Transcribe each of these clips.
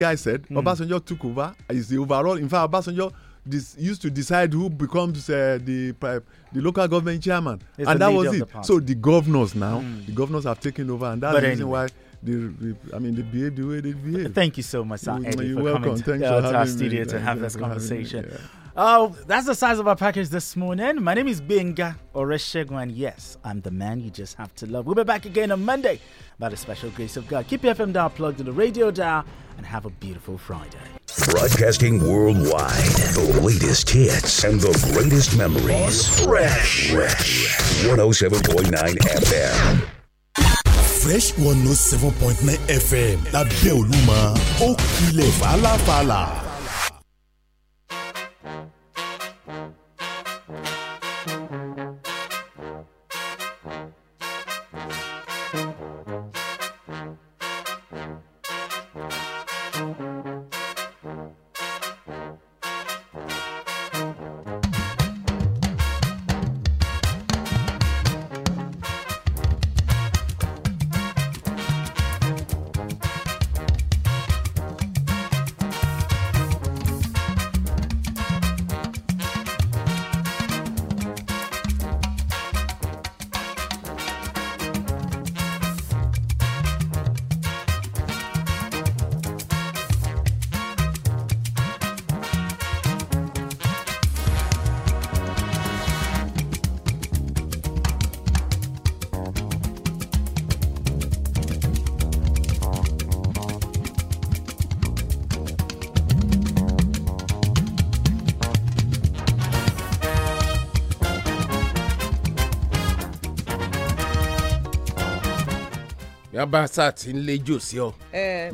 guy said, mm. Obasanjo took over. Is the overall, in fact, Obasanjo this used to decide who becomes uh, the uh, the local government chairman, it's and that was it. The so the governors now, mm. the governors have taken over, and that's but the reason anyway. why. They, I mean, they behave the way they behave. Thank you so much, Sir Eddie, for welcome. coming to, uh, to, our studio me. to have this conversation. Me, yeah. Oh, that's the size of our package this morning. My name is Benga Oreshegwan. Yes, I'm the man you just have to love. We'll be back again on Monday by the special grace of God. Keep your FM dial plugged in the radio dial and have a beautiful Friday. Broadcasting worldwide, the latest hits and the greatest memories. Fresh, Fresh. 107.9 FM. Fresh 107.9 FM lábẹ́ Olúmọ ó kilẹ̀ fàlàfàlà. yàn bá sá ti ń lé jò sí ọ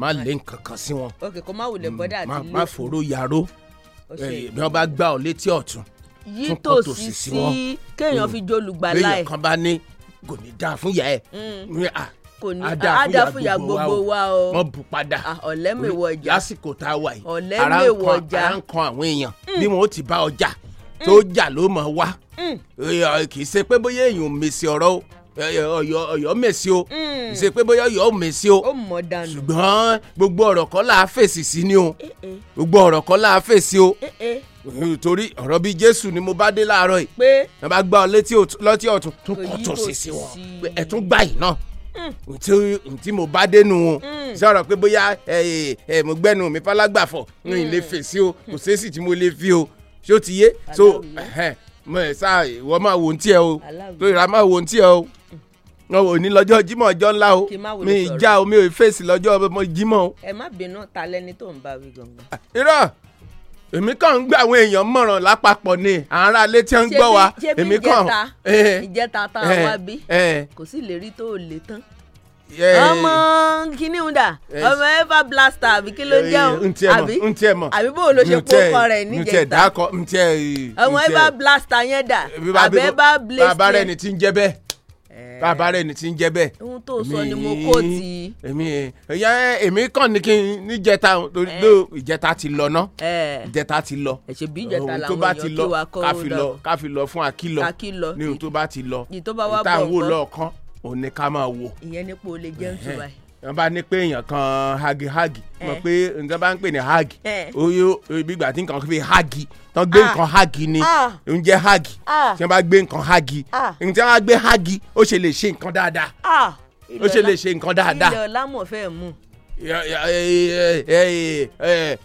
má lé nǹkan kan sí wọn ok kò má wulẹ̀ mm, bọ́dà àti lé má fòró yaró bí wọ́n bá gbá ọ létí ọ̀tún tún kọ́ tòsí sí wọn kéèyàn fi mm. jólùgbàlà ẹ̀ kéèyàn kan bá ní kò ní dáa fún yà mm. ẹ kò ní gbogbo wa o wọn bù padà ọ̀lẹ́ mèwọ̀ lásìkò tá a wà yìí ara àwọn èèyàn bí wọn ó ti bá ọjà tó jà ló mọ̀ wá kì í ṣe pé bóyá èèyàn ò mèsì ọ̀rọ̀ o ọyọ ọyọ mèsì o hmm. ṣe pé bóyá ọyọ mèsì o ṣùgbọ́n gbogbo ọ̀rọ̀ kọ́ la fèsì sí ni o eh, eh. gbogbo ọ̀rọ̀ kọ́ la fèsì o eh, torí ọ̀rọ̀ bíi jésù ni mo bá dé láàárọ̀ yìí pé ẹ bá gbá ọ létí lọ́tí ọ̀tún tó kọ́ tó sì sí wọn ẹ tún gbà yìí náà hmm. tí mo bá dénú hmm. o sọ̀rọ̀ pé bóyá mo gbẹ́nu mi falágbàfọ̀ ní ilé fèsì o kò sẹ́sì tí mo lè fi o ṣó ti yé so mo ẹ sá ìwọ máa wò ó tiẹ o tó ìra máa wò ó tiẹ o òní lọ́jọ́ jímọ̀ ọjọ́ ńlá o mi ìjà o mi ò fèsì lọ́jọ́ ọmọ jímọ̀ o. ẹ má bínú ta lẹni tó ń bá wí gangan. irọ́ èmi kàn ń gba àwọn èèyàn mọ̀ràn lápapọ̀ ni àárá ilé tí wọ́n ń gbọ́ wa èmi kàn. ṣé bí ìjẹta eh. ìjẹta tá a eh. wá bí eh. kò sí ìlérí tó o lè tán ọmọ kini ń dà ọmọ ever blaster àbí kí ló ń jẹun àbí àbí bó ló ṣe kó kọ rẹ níjẹta ọmọ ever blaster yẹn dà àbí ever blaze. bàbá rẹ ni ti ń jẹ bẹ́ẹ̀ eh. bàbá rẹ ni ti ń jẹ bẹ́ẹ̀. ohun tó sọ ni mo kó ti. èmi ẹyà èmi kàn ní kí n níjẹta eh. ló ìjẹta ti lọ ná eh. ìjẹta ti lọ ohun tó bá ti lọ káfi lọ fún akílọ ní ohun tó bá ti lọ ìtàn wò lọ òun ni ká máa wò. ìyẹn nípa olè jẹ́ ń tura ẹ̀ wọ́n bá ní pé èèyàn kan hagi hagi mọ̀ pé nǹkan bá ń pè ní hagi oyo gbígbà tí nǹkan fi hagi tán gbé nǹkan hagi ni oúnjẹ hagi tí wọ́n bá gbé nǹkan hagi nǹkan tí wọ́n bá gbé hagi ó ṣe lè ṣe nǹkan dáadáa ó ṣe lè ṣe nǹkan dáadáa. ilẹ̀ ọ̀la mọ̀ fẹ́ mú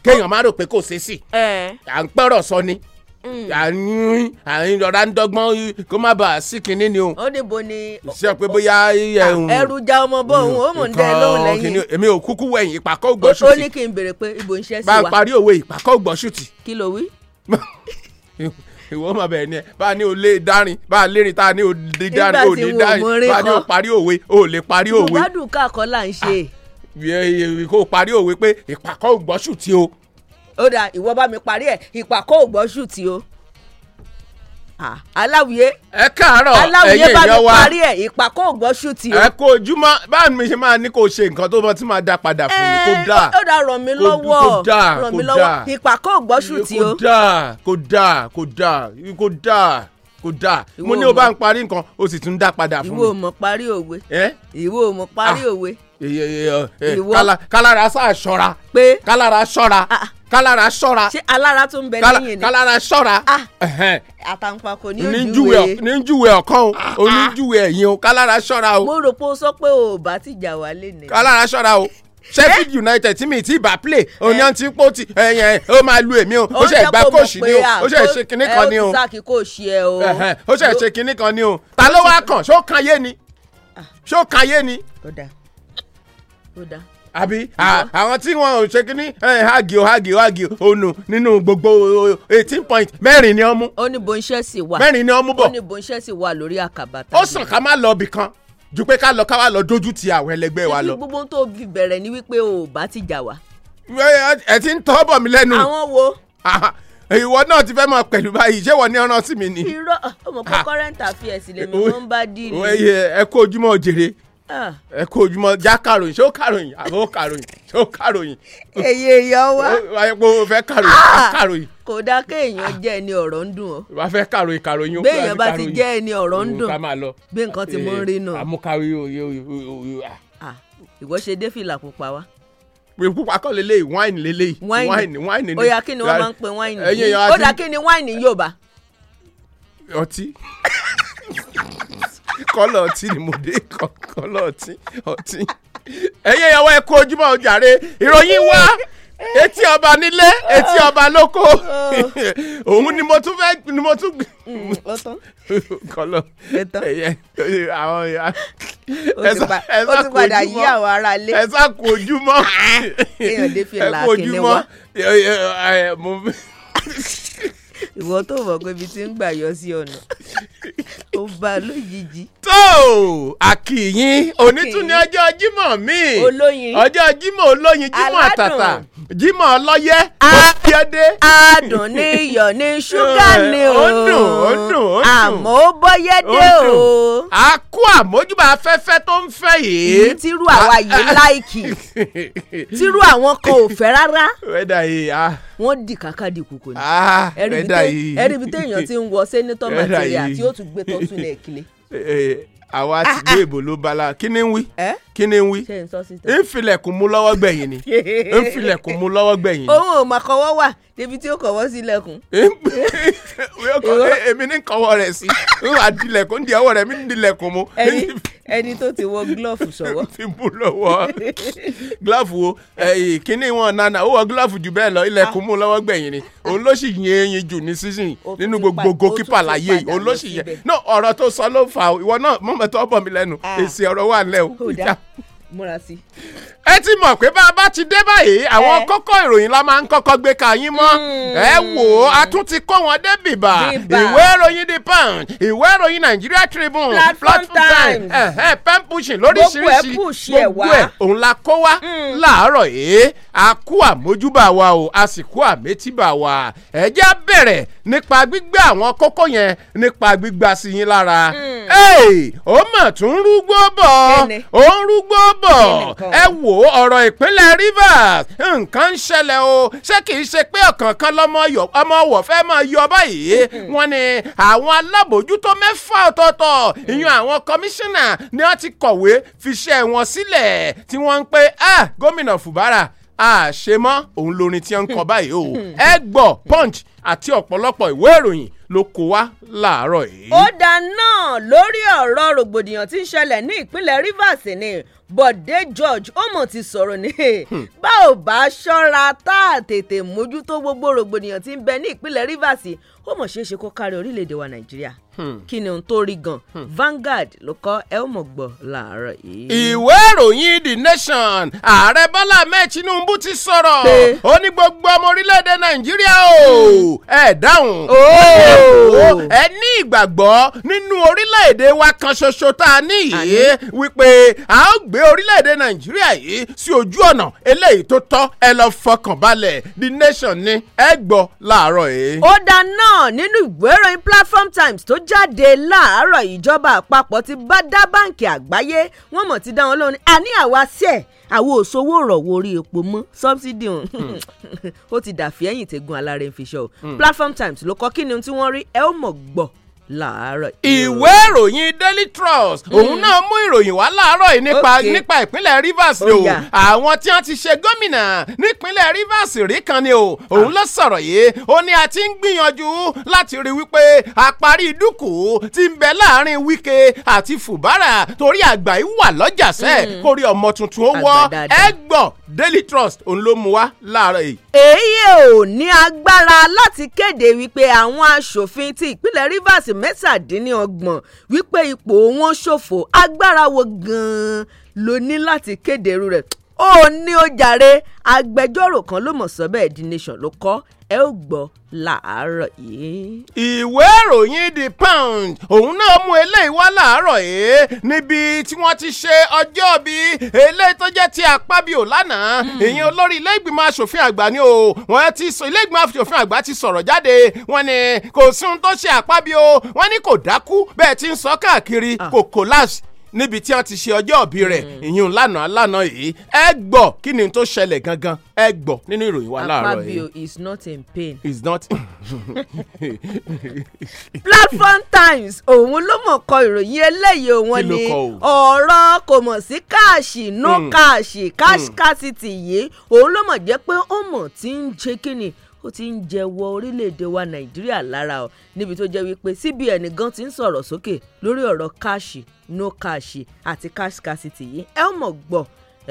kéèyàn má rò pé kò ṣeé sì à ń pẹ́rọ̀ sọ ni àyìn mm. àyìn ọ̀rá ń dọ́gbọ́n kó má bàa sí kinní ni o. ó ní bo ni. ṣe pé bóyá ẹ ń. Ah, ẹrù ọmọ bọ mm, òun ó mò ń dẹ lóhùn lẹ́yìn. èmi ò kúkú wẹ̀yìn ìpàkọ́ ògbọ́sùtì. ó ní kí n béèrè pé ibo ń ṣẹ́ sí wa. bá a parí òwe ìpàkọ́ ògbọ́sùtì. kí ló wí. ìwọ ọmọ bẹ̀rẹ̀ ni ẹ bá a ní o lé dárin bá a lérin tá a ní o lé dárin o ní dárin bá a ní o parí òwe o lè parí òwe. ìbádùn ó dà ìwọ bá mi parí ẹ̀ ìpàkọ́ ògbọ́sù tí o aláwìyé ẹ káàárọ̀ ẹ̀yin èèyàn wa aláwìyé bá mi parí ẹ ìpàkọ́ ògbọ́sù tí o. ẹ kó ojúmọ́ bá mi ṣe máa ní kó ṣe nǹkan tó bá ti máa dá padà fún mi kó eh, dáa ó dáa ràn mí lọ́wọ́ ràn ògbọ́sù tí o. kó dáa kó dáa kó dáa kò dáa mo ní o bá ń parí nǹkan o sì tún dá padà fún mi. Eh? ìwọ ò mọ̀ parí ah. òwe ìwọ ò mọ̀ parí òwe kálára sáà ṣọ́ra pé kálára ṣọ́ra ah, ah. kálára ṣọ́ra ṣé alára tó ń bẹ lẹ́yìn ni kálára ṣọ́ra ah. àtàǹpàkò ní ojúwe ní júwe ọ̀kan o ní júwe ẹ̀yìn o kálára ṣọ́ra o. mo rò pé o sọ pé o bá ti jà wálé ni. kálára ṣọ́ra o sheffield united tí mi ti bá play òní eh. àti pò ti ẹyìn ẹ ó máa lu èmi o ó ṣe gba kóòsì ni o ó ṣe ṣe kinní kan ni o ó eh, ṣe ṣe kinní kan ni o ta ló wá kàn ṣó kan yé ni ṣó kan yé ni ó dáa àbí àwọn tí wọn ò ṣe kínní o hagio o onu nínú gbogbo eighteen point mẹ́rin ni ó mú. ó ní bó ń sì wà mẹ́rin ni ó mú bọ̀. ó ní bó ń ṣe sì wà lórí àkàbà. ó sàn ká má lọ ibìkan ju pé ká lọ ká wá lọ dójú ti àwọn ẹlẹgbẹ́ wa lọ. ṣé gbogbo tó fi bẹ̀rẹ̀ ni wípé o ò bá ti jà wá. ẹ ti ń tọ́ bọ̀ mí lẹ́nu. àwọn wo ìwọ náà ti fẹ́ mọ pẹ̀lú báyìí ṣé wọ́n ní ọ̀ràn ni. irọ́ ọmọ kọ́kọ́rẹ́ǹtà fi ẹ̀sìn lèmi wọ́n ń bá dì ní. ẹ kó ojúmọ́ ẹ kó ojúmọ́ já kàròyìn ṣé ó kàròyìn àbó kàròyìn ṣé ó kàròyìn. èyí èèyàn wá. wáyé pé o fẹ́ kàròyìn ká ah! kàròyìn. kò dáa kéèyàn jẹ́ ẹni ọ̀rọ̀ ń dùn ọ́. wà á fẹ́ kàròyìn kàròyìn ó kúrò àti kàròyìn. béèyàn bá ti jẹ́ ẹni ọ̀rọ̀ ń dùn bí nǹkan ti mú rí nù. àmúkàwé òye òye. ìwọ ṣe dé fìlà pupa wa pupa kọ́ lélẹ́yìí wáìnì lélẹ́yìí. wáìnì wáìnì ni kí ni wọ́n máa ń pe wáìnì. ó dà kí ni wáìnì yóò bá. ọtí kọ́lọ̀ ọtí ni mo dé kọ́lọ̀ ọtí ọtí ẹ̀yin ìyàwó ẹ kú ojúmọ́ ọjàre ìròyìn wá etí ọba nílé etí ọba lóko òun ni mo tún fẹ́ ni mo tún mm, kọlọ ẹyẹ àwọn ìyá ẹsà kò ojúmọ́ ẹsà kò ojúmọ́ ah, ẹ kò ojúmọ́ mo ìwọ tó mọ̀ pé ibi tí ń gbà yọ sí ọ̀nà ó bá a lójijì. tó o àkìyìn onítúni ọjọ́ jímọ̀ míì olóyin ọjọ́ jímọ̀ olóyin jímọ̀ àtàtà jímọ̀ ọlọ́yẹ́ ọ̀fíọ́dé. adùn ní iyọ̀ ní ṣúgà ni o àmọ́ ó bọ́yẹ́ dé o. a kó àmójúbà afẹ́fẹ́ tó ń fẹ́ yìí. èyí tí irú àwa yìí láìkì tí irú àwọn kan ò fẹ́ rárá. wẹ́dà yìí a wọ́n dì káká di kòkò ni. Ah, ẹ̀rí ibi téèyàn ti ń wọ sẹ́nitọ́ màtíríà tí ó tún gbé tó tún lẹ̀ kílé. Eh, eh, àwa ti gbé ah, ah. èbò ló bala kí ni ń wí kí ni n wí n filẹ̀kùn mú lọ́wọ́ gbẹ̀yìn ni n filẹ̀kùn mú lọ́wọ́ gbẹ̀yìn ni. òun ò mà kọ́wọ́ wà débi tí ó kọ́wọ́ sí ilẹ̀kùn. èmi ní kọ́wọ́ rẹ̀ sí n wà dilẹ̀kùn ń di ọwọ́ rẹ̀ mi ń dilẹ̀kùn mu. ẹni tó ti wọ gílọ́ọ̀fù sọ̀wọ́. ti mú lọ́wọ́ gílọ́ọ̀fù wo kíní wọn nana ó wọ gílọ́ọ̀fù jù bẹ́ẹ̀ lọ ilẹ̀kùn mú lọ́wọ́ gbẹ̀yìn ni ah. òun ló jù ní sísìn nínú gbogbo goalkeeper láyé yìí òun yẹn náà ọ̀rọ̀ tó sọ ló fà ìwọ náà mọ̀mọ́tò ọ̀bọ̀ mi lẹ́nu ah. èsì ọ̀rọ̀ wà lẹ́ o múra sí. ẹ ti mọ̀ pé bá a bá ti dé báyìí àwọn eh. kókó ìròyìn la máa ń kọ́kọ́ gbé ka yín mọ́ hmm. ẹ wò ó a tún ti kó wọn dé bìbà ìwé ìròyìn the punch ìwé ìròyìn Nigeria Tribune platform times pen pushing lóríṣiríṣi gbogbo ẹ̀ òun la kó wá hmm. láàárọ̀ yìí a kú àmójúbà wa o a sì kú àmétíbà wa ẹ jẹ́ bẹ̀rẹ̀ nípa gbígbé àwọn kókó yẹn nípa gbígbà sí yín lára hmm. ó mà tún rúgbó bọ̀ ó ń rúgbó bọ̀ ẹ wò ó ọ̀rọ̀ ìpínlẹ̀ Rivers nǹkan ń ṣẹlẹ̀ o ṣé kì í ṣe pé ọ̀kan kan lọ́mọ ọ̀wọ̀ fẹ́ máa yọ báyìí wọ́n ní àwọn alábòójútó mẹ́fà ọ̀tọ̀ọ̀tọ̀ ìyún àwọn kọmíṣánná ni wọ́n ti kọ̀wé fiṣẹ́ wọn sílẹ̀ tí wọ́n ń pè gómìnà Fubara àṣemọ́ òun lorin tí wọ́n ń kọ báyìí o ẹ gbọ́ punch àti ọ̀pọ̀lọpọ̀ ìwé ìròyìn ló kó wá láàárọ̀ yìí. ó dá náà lórí ọ̀rọ̀ rògbòdìyàn tí ń ṣẹlẹ̀ ní ìpínlẹ̀ Rivers ni Bọ̀dé George Omo ti sọ̀rọ̀ ní hmm. bá ò bá ṣọ́ra tá a tètè mójútó gbogbo rògbòdìyàn tí ń bẹ ní ìpínlẹ̀ Rivers ó ṣeé ṣe kó kárí orílẹ̀-èdè wa Nàìjíríà hmm. kí ni ohun tó rí gan hmm. Vanguard ló kọ ẹ ó mọ̀ gbọ́ làárọ̀ yìí. ìwé ìròyìn The Nation ààrẹ Bọ́lá Ahmed Tinubu ti sọ̀rọ̀ ó ní gbogbo ọmọ orílẹ̀-èdè Nàìjíríà o ẹ dáhùn. ẹ ní ìgbàgbọ́ nínú orílẹ̀-èdè wa kan ṣoṣo tá a ní yìí wípé a ó gbé orílẹ̀-èdè nàìjíríà yìí sí ojú ọ̀nà eléyìí tó tọ́ ẹ lọ fọkàn balẹ̀ the nation ni ẹ gbọ́ láàárọ̀ yìí. ó dá náà nínú ìwé ìròyìn platform times tó jáde láàárọ̀ ìjọba àpapọ̀ ti bá dá báǹkì àgbáyé wọ́n mọ̀ ti dá wọn lóhùn àní àwa sí ẹ̀ àwọn òṣòwò òrọ̀wò orí epo mọ́ subsidy hàn hmm. ó ti dàfí ẹ̀yìn tẹ̀gùn alára ẹ̀ fi ṣọ́ hmm. platform times ló kọ́ kí ni ohun tí wọ́n rí ẹ ó mọ̀ gbọ́ láàárọ̀. ìwé ìròyìn daily trust hmm. òun náà mú ìròyìn wá láàárọ̀ yìí nípa nípa ìpínlẹ̀ rivers o àwọn tí wọ́n ti ṣe gómìnà nípínlẹ̀ rivers rí kan ni o òun ah. ló sọ̀rọ̀ yìí ó ní a ti ń gbìyànjú láti rí wípé a parí dúkù tí ń bẹ láàrin wike àti fùbárà torí àgbà yìí wà lọ́jà sẹ́ẹ̀ hmm. kórè ọmọ tuntun ó wọ́ ẹ gbọ́ Daily Trust òun ló mú wá láàárọ̀ yìí. èyí ò ní agbára láti kéde wípé àwọn aṣòfin ti ìpínlẹ̀ Rivers mẹ́tàdínlọ́gbọ̀n wípé ipò wọn ṣòfò agbára wo gan-an ló ní láti kéde rẹ̀ ó ní ó jàre agbẹjọ́rò kan ló mọ̀ sọ The Nation ló kọ́ ẹ ó gbọ́ làárọ̀ yìí. ìwé ìròyìn The Pound òun náà mú eléyìí wá làárọ̀ yìí níbi tí wọ́n ti ṣe ọjọ́ bí eléyìí tó jẹ́ ti Akpabio lánàá hmm. ìyẹn olórí ilé ìgbìmọ̀ asòfin àgbà ni o wọ́n ti sọ ilé ìgbìmọ̀ asòfin àgbà ti sọ̀rọ̀ jáde wọ́n ní kò sí ohun tó ṣe Akpabio wọ́n ní kò dákú bẹ́ẹ̀ ti ń sọ káàkiri ah. kò collapse níbi tí wọ́n ti ṣe ọjọ́ òbí rẹ̀ hmm. ìyún lánàá lánàá yìí ẹ gbọ́ kí ni tó ṣẹlẹ̀ gangan ẹ gbọ́ nínú ìròyìn wa láàárọ̀ yìí. Akpabio is not in pain. is not. Platform Times òun ló mọ̀ kọ ìròyìn eléyìí òun ni ọ̀rọ̀ kò mọ̀ sí káàṣì no hmm. káàṣì cash hmm. scarcity yìí òun ló mọ̀ jẹ́ pé ó mọ̀ tí ń ṣe kí ni ó ti ń jẹwọ orílẹ̀-èdè wa nàìjíríà lára o níbi tó jẹ́ wípé CBN gan ti ń sọ̀rọ̀ sókè lórí ọ̀rọ̀ káàṣì no káàṣì àti cash scarcity yìí ẹ ó mọ̀ gbọ́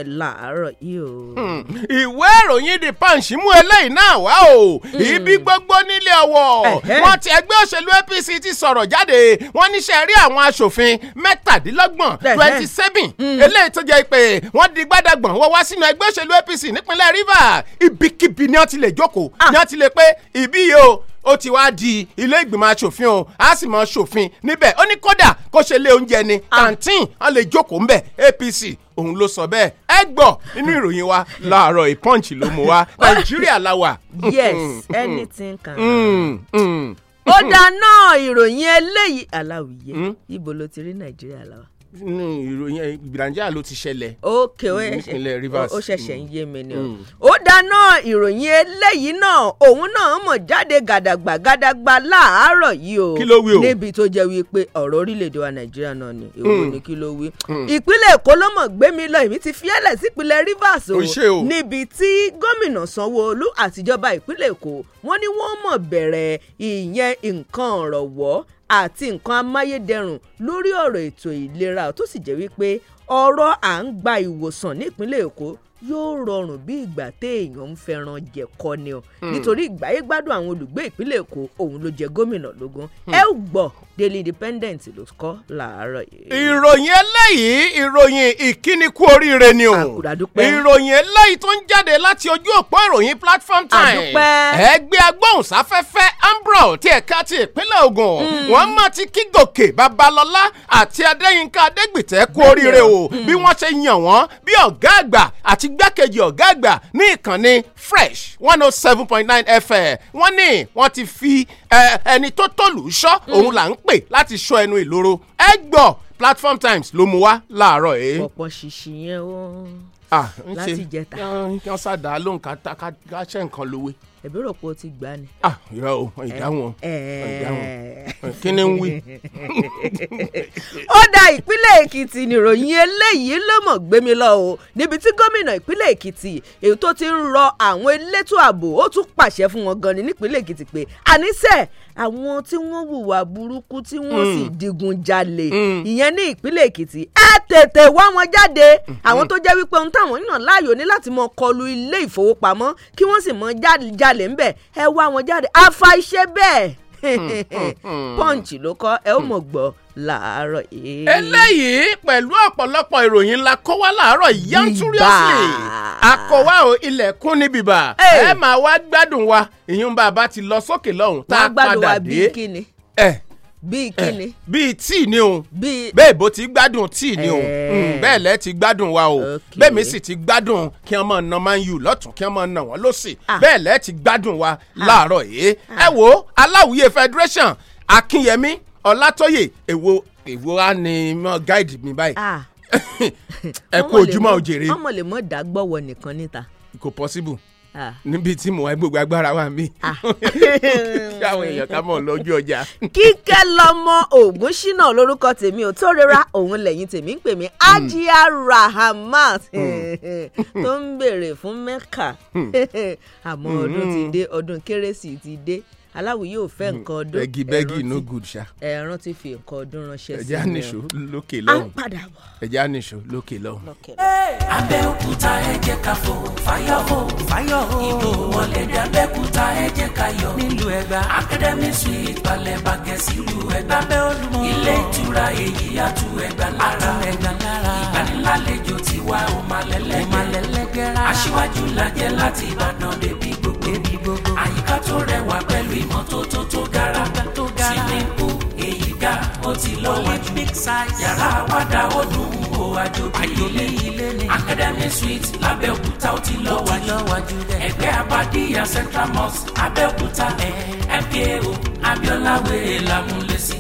láàárọ̀ yìí o. Hmm. ìwé ìròyìn the punch mú eléyìí náà wá o hmm. ibi gbogbo nílé ọwọ́ wọn ti ẹgbẹ́ òṣèlú APC ti sọ̀rọ̀ jáde wọ́n ní ṣe rí àwọn aṣòfin mẹ́tàdínlọ́gbọ̀n twenty seven hmm. eléyìí tó jẹ́ pé wọ́n di gbádàgbọ̀n wọ́n wá sínú ẹgbẹ́ òṣèlú APC nípínlẹ̀ Rivers ibikíbi ni wọ́n ti lè jókòó ah. ni wọ́n ti lè pé ìbí yìí o ó ti wá di ilé ìgbìmọ̀ asòfin o a sì mọ sòfin níbẹ̀ ó ní kódà kó ṣe lé oúnjẹ ni kàńtìn ah. wọn lè jókòó ńbẹ̀ APC òun ló sọ bẹ́ẹ̀ ẹ gbọ́ nínú ìròyìn wa láàárọ̀ ìpọ́ǹchì ló mú wa nàìjíríà la wà. yes mm. anything can. Mm, mm, ó dáná ìròyìn eléyìí aláwìyé hmm? ibo ló ti rí nàìjíríà la wà nínú ìròyìn ìgbìlànjà eh, ló ti ṣẹlẹ̀. ok ó nípínlẹ̀ Rivers ó ṣẹ̀ṣẹ̀ ń yé mi ni o. Mm. ó dáná ìròyìn eléyìí náà òun náà mọ̀ jáde gàdàgbà gàdàgbà láàárọ̀ yìí o. kí ló wí o. níbi tó jẹ́ wípé ọ̀rọ̀ orílẹ̀-èdè wa Nàìjíríà náà ni èwo mm. ni kí ló wí. Mm. ìpínlẹ̀ Èkó ló mọ̀ gbé mi lọ èmi ti fiẹ́lẹ̀ sípínlẹ̀ Rivers o. níbi tí gómìnà Sanwó-Olú àtijọba ìpínlẹ̀ Èkó wọ́n ní wọ́n mọ̀ bẹ̀rẹ̀ ìyẹn nǹkan ọ̀rọ̀ wọ́ àti nǹkan amáyédẹrùn lórí ọ̀rọ̀ ètò ìlera tó sì jẹ́ wípé ọ̀rọ̀ à ń gba ìwòsàn nípínlẹ̀ Èkó yóò rọrùn bí ìgbà téèyàn ń fẹ́ràn jẹ kọ ni o hmm. nítorí ìgbáyé gbádùn àwọn olùgbé ìpínlẹ̀ èkó òun ló jẹ gómìnà lógún hmm. ẹ ò gbọ́ daily independent ló kọ́ làárọ̀ yìí. ìròyìn eléyìí ìròyìn ìkíni kú oríire ni o ìròyìn eléyìí tó ń jáde láti ojú òpó ìròyìn platform time ẹgbẹ́ agbóhùnsáfẹ́fẹ́ ambrol ti ẹ̀ka ti ìpínlẹ̀ Ògùn hmm. wọ́n má ti kí gòkè babalọ́lá àti adéyínká adégbìtẹ́ kú oríire o bí wọ́n ṣe yàn wọ́n bí ọ̀gá àgbà àti gbákejì ọ̀gá àgbà ní ìkànnì fresh one oh seven point nine fm wọ́n ní wọ́n ti fi ẹni tó tòlù sọ mm. òun là ń pè láti sọ ẹnu ìloro ẹ gbọ́ platform times ló mu wá láàárọ̀ yìí. pọ̀pọ̀ ṣìṣì yẹn o láti jẹta. kí wọ́n sá ká ṣe nǹkan lówé ẹ̀bí rò pé o ti gbà ni. ah ìrà o ìdáhùn ìdáhùn eh, eh. kí ni ń wí. ó da ìpínlẹ̀ èkìtì nìròyìn eléyìí ló mọ̀ gbémi lọ o níbi tí gómìnà ìpínlẹ̀ èkìtì èyí tó ti ń rọ àwọn elétò ààbò ó tún pàṣẹ fún wọn gan ni nípínlẹ̀ èkìtì pé àníṣe àwọn tí wọ́n hùwà burúkú tí wọ́n sì hmm. digun jalè hmm. ìyẹn ní ìpínlẹ̀ èkìtì ẹ tètè wá wọn jáde hmm. àwọn tó jẹ́ wípé ohun táwọn yàn láàyò ní láti mọ kọlu ilé ìfowópamọ́ kí wọ́n sì mọ jalè jalè ń bẹ̀ ẹ wá wọn jáde afa iṣẹ́ bẹ́ẹ̀ hmm, hmm, hmm. punch ló kọ́ ẹ ó mọ̀ gbọ́ làárọ̀ yìí. eléyìí pẹ̀lú ọ̀pọ̀lọpọ̀ ìròyìn la kó wá làárọ̀ yanturiously akọ̀wá o ilẹ̀kùn ní bìbà ẹ máa wá gbádùn wa ìyún bàbá ti lọ sókè lọ́hùn tá a padà dé. wàá gbádùn wa bí kíni. ẹ bíi eh, kíni. bíi tíì ni o bẹ́ẹ̀ bó ti gbádùn tíì ni o eh. hmm, bẹ́ẹ̀ lẹ́ ti gbádùn wa o bẹ́ẹ̀ mi sì ti gbádùn kí wọ́n máa na man u lọ́tún kí wọ́n máa na wọ́n lọ́sì ah. bẹ́ẹ̀ lẹ́ ti gbádùn wa ah. láàárọ̀ yìí ah. ẹ wo aláwùyé federation akínyẹmí ọlátóyè èwo èwo á ní mọ gáìdì mi báyìí ẹ kú ojúmọ́ òjèrè. ọmọ lè mọ dàgbọ́wọ́ nìkan níta. kò possible. Ah. níbi tí mo wá gbogbo agbára wa ah. mi kí àwọn èèyàn ká mọ̀ lọ́jọ́ ọjà. kíkẹ́ lọ́mọ ògùn ṣínà lórúkọ tèmi ò tó rira òun lẹ́yìn tèmi ń pè mí Ajia Rahamat hmm. hmm. tó ń béèrè fún Mẹ́kà hmm. àmọ́ ọdún ti dé ọdún kérésì ti dé aláwìyé ò fẹ́ mm, nǹkan ọdún bẹ́gì bẹ́gì no good ṣá. ẹ̀rán ti fi nǹkan ọdún ránṣẹ́ sí mi. ẹ̀jẹ̀ àníṣó lókè lọ́hùn. a padà bọ̀. ẹ̀jẹ̀ àníṣó lókè lọ́hùn. abẹ́òkúta ẹ jẹ́ ká fò fáyọ̀ hó fáyọ̀ hó ìbò wọlé dé abẹ́òkúta ẹ ká yọ nílùú ẹgbà academy suite bàgẹ́ sílùú ẹgbà ilé ìtura èyí àtú ẹgbà lára ìgbanilálejò tiwa ò má Yàrá tó rẹwà pẹ̀lú ìmọ́tótó tó gara. Swimming pool èyí ga ó ti lọ́wájú. Yàrá àwàdà ó dùn ó àjòbí ilé. Academy suite l'Abẹ́òkúta ó ti lọ́wájú. Ẹgbẹ́ Abadíyà Central Mosque Abẹ́òkúta MKO Abiola Wẹ̀ làmúlẹ̀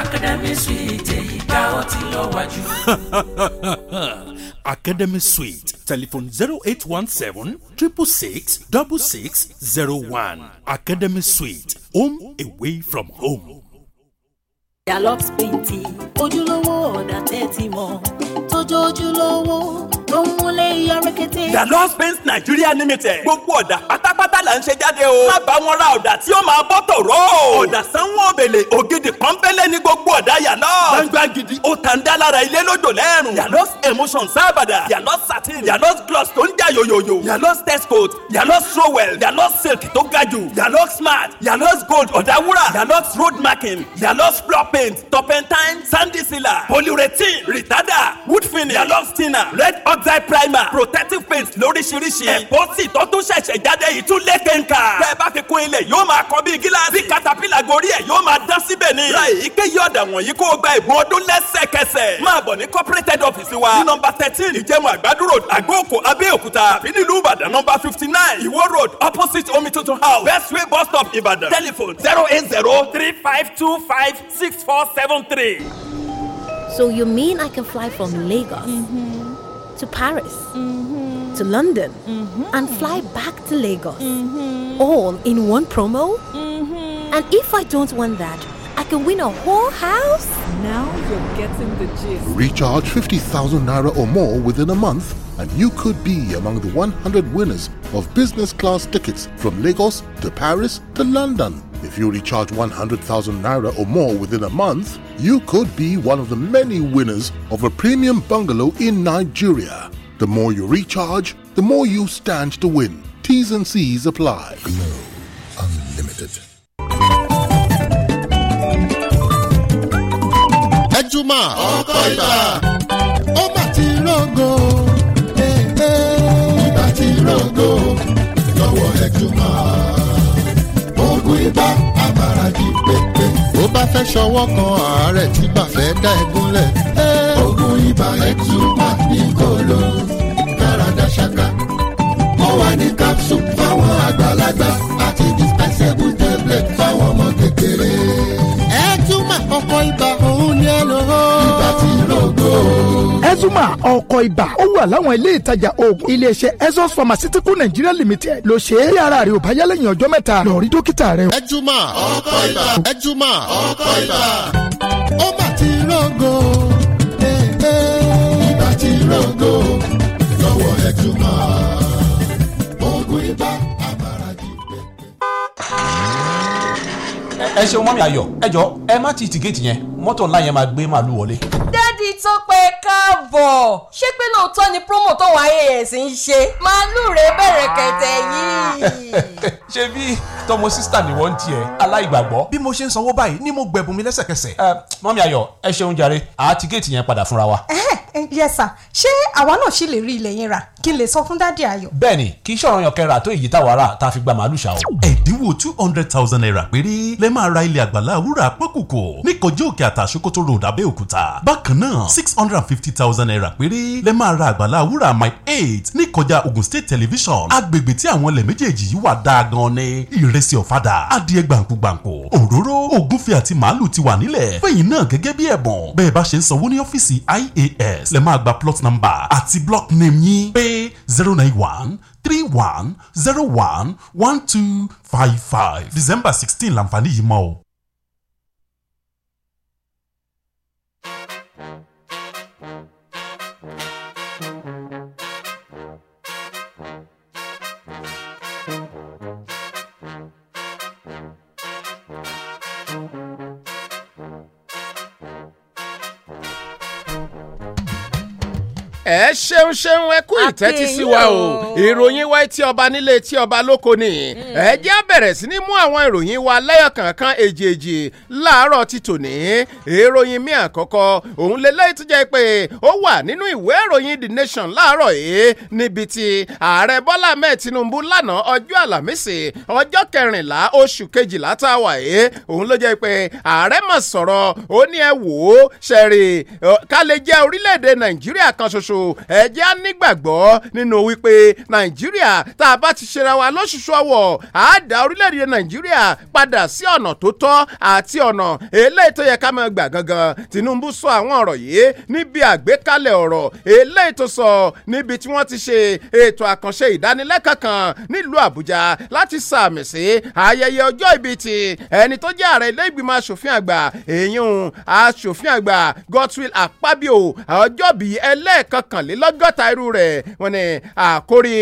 Academy Suite ìgbà ó ti lọ wájú. Academy Suite telephone zero eight one seven triple six double six zero one Academy Suite home away from home. painting ojúlówó ọ̀dà tẹ́tí mọ́ tó ń yọ rẹ̀kẹ̀tẹ̀. The Lord Paints Nigeria Limited. Gbogbo ọ̀dà pátápátá là ń ṣe jáde o. Má bá wọn ra ọ̀dà tí ó máa bọ́ tòró. Ọ̀dà sanwó òbèlè ògidì pọ́npẹ́lẹ́ ní gbogbo ọ̀dà yàrá. Gbangba gidi ó tàn dá lára ilé lójó lẹ́rùn. Yàrá emotion sábàdà. Yàrá satin. Yàrá gloss tó ń jà yòyòyò. Yàrá test coat. Yàrá strowel. Yàrá silk tó ga jù. Yàrá smart. Yàrá gold ọ̀dàwúrà. Yàrá road marking. Yàrá floor paint. Turpentine. Sandy sealer. Polyurethane. Retarder. Wood finish. Yàrá thinner. Red oxide primer. protective paint lóríṣiríṣi. ẹ̀pọ́ sì tọ́tún ṣẹ̀ṣẹ̀ jáde yìí tún lé kéńkà. tẹ́ ẹ bá fi kún ilẹ̀ yóò máa kọ́ bí gíláàsì. bí katapila gorí ẹ̀ yóò máa dán síbẹ̀ ni. ra èyíkéyìí ọ̀dà wọ̀nyí kó o gba ìbò ọdún lẹ́sẹ̀kẹsẹ̀. máa bọ̀ ní corporate office wa. ní nọmba thirteen ìjẹun àgbàdúró àgbóòkò abẹ́òkúta. àfinílù ìbàdàn nọmba fifty nine ìwó road opposite omi tuntun house best way bus stop ìbàdàn. telephone zero eight zero three five two five six four seven three. So you mean I can fly from Lagos? Mm-hmm to Paris, mm-hmm. to London, mm-hmm. and fly back to Lagos, mm-hmm. all in one promo? Mm-hmm. And if I don't want that, I can win a whole house? Now you're getting the gist. Recharge 50,000 naira or more within a month, and you could be among the 100 winners of business class tickets from Lagos to Paris to London. If you recharge 100,000 naira or more within a month, you could be one of the many winners of a premium bungalow in Nigeria. The more you recharge, the more you stand to win. T's and C's apply. Glow Unlimited. Ejuma. ọkọ ìbà ó bá ti rògo ìbá ti rògo lọ́wọ́ ibà àbàrà di pépé. bó bá fẹ́ ṣọwọ́ kan àárẹ̀ tí bá fẹ́ dá ẹ gúnlẹ̀. oògùn ibà ẹtùpà ní kòló kárádá ṣáká. ó wà ní capsule fáwọn àgbàlagbà àti dispensable tablet fáwọn ọmọ kékeré. ẹtùmà ọkọ ibà òun ni ẹ lò ó. ibà tí lógo. ezuma ọkọ̀ ibà ó wà láwọn ilé ìtajà oògùn iléeṣẹ́ ezos pharmaceutical nigeria limited ló ṣe é bí ara rẹ ò bá yá lẹ́yìn ọjọ́ mẹ́ta lọ rí dókítà rẹ. ezuma ọkọ̀ ibà ezuma ọkọ̀ ibà. ó bá ti rògo eh, eh. ibà ti rògo lọ́wọ́ ezuma oògùn ibà ẹ ṣeun mọ́mí ayọ̀ ẹ jọ ẹ má ti tìgéètì yẹn mọ́tò ńlá yẹn máa gbé màálù wọlé tó pé káàbọ̀ ṣé pé lóòótọ́ ni promo tó wà AAS ń ṣe màálù rẹ bẹ̀rẹ̀ kẹ̀tẹ̀ yìí. ṣé bí tọmọ sísítà ni wọ́n ń tiẹ̀ aláìgbàgbọ́. bí mo ṣe ń sanwó báyìí ni mo gbẹ̀bùn mi lẹ́sẹ̀kẹsẹ̀. ẹ mọ́mí ayọ̀ ẹ ṣeun jàre àti géètì yẹn padà fúnra wa. yes sir ṣé àwa náà ṣì lè rí ilẹ̀ yẹn rà kí n lè sọ fún dáàdì ayọ̀. bẹ́ẹ̀ni kì í ṣọ̀ràn yàn kẹra tó èyí táwa rà tá a fi gba màálù ṣá o. ẹ̀dínwó two hundred thousand naira péré lẹ́ẹ̀ máa ra ilẹ̀ àgbàlá àwúrà pọ́kùkù níkọjọ́ òkè àtàṣokòtò road Abẹ́òkúta bákan náà six hundred and fifty thousand naira péré lẹ́ máa ra àgbàlá wúrà mile eight ní kọjá Ogun State Television agbègbè tí àwọn ilẹ̀ méjèèjì yìí wà dáa gan ni ìrẹsì ọ̀fadà adìẹ gbàǹkùgbàǹkù òróró ògúnfe àti màálù ti wà nílẹ̀ fẹ̀yìn náà gẹ́gẹ́ bí ẹ̀bùn bẹ́ẹ̀ bá ṣe ń sanwó ní ọ́fíìsì IAS lẹ́ máa gba plot number àti block name yín pé zero nine one three one zero one one two five five December sixteen làǹfààní yìí mọ́ o. ẹ ṣeun ṣeun ẹ kú ìtẹ́tí sí wa o ìròyìn wa etí ọba nílé etí ọba lóko ni hmm. ẹ jẹ́ á bẹ̀rẹ̀ sí ní mú àwọn ìròyìn wa lẹ́yọ̀ èjèèjì láàárọ̀ ti tòní ìròyìn mi àkọ́kọ́ òun lélẹ́yìí tó jẹ́ pé ó wà nínú ìwé ìròyìn The Nation láàárọ̀ yìí níbi tí ààrẹ Bọ́lá mẹ́ẹ̀ Tinubu lánàá ọjọ́ àlàmísì ọjọ́ kẹrìnlá oṣù kejìlá tá a wà yìí òun ló jẹ́ pé ààrẹ mọ̀ sọ̀rọ̀ ó ní ẹ wò ó ṣẹ̀rì ká lè jẹ́ orílẹ̀-èdè Nàìjíríà kan ṣoṣo o ẹ jẹ́ á nígbàgbọ́ nínú wípé nàìjíríà tá a bá ti ṣera wa lọ́ṣùṣù ọwọ́ á dá orílẹ̀-èdè nàìjíríà padà sí ọ̀nà tó tọ́ àti ọ̀nà eléyìí tó yẹ ká máa gbà gangan tinubu sọ àwọn ọ̀rọ̀ yìí níbi àgbékalẹ̀ ọ̀rọ̀ eléyìí tó sọ níbi tí wọ́n ti ṣe ètò àkànṣe ìdánilẹ́kọ̀ọ́ kan nílùú àbújá láti sàmì sí ayẹyẹ ọjọ́ ìbí ti ẹni tó jẹ́ ààrẹ ilé ìgbìmọ̀ asòfin àgbà èyí ń asòfin àgbà Godswill Akpabio ọjọ́ bíi ẹlẹ́ẹ̀kan mọ́kànlélọ́gọ́ta irú rẹ̀ wọ́n ní àkórí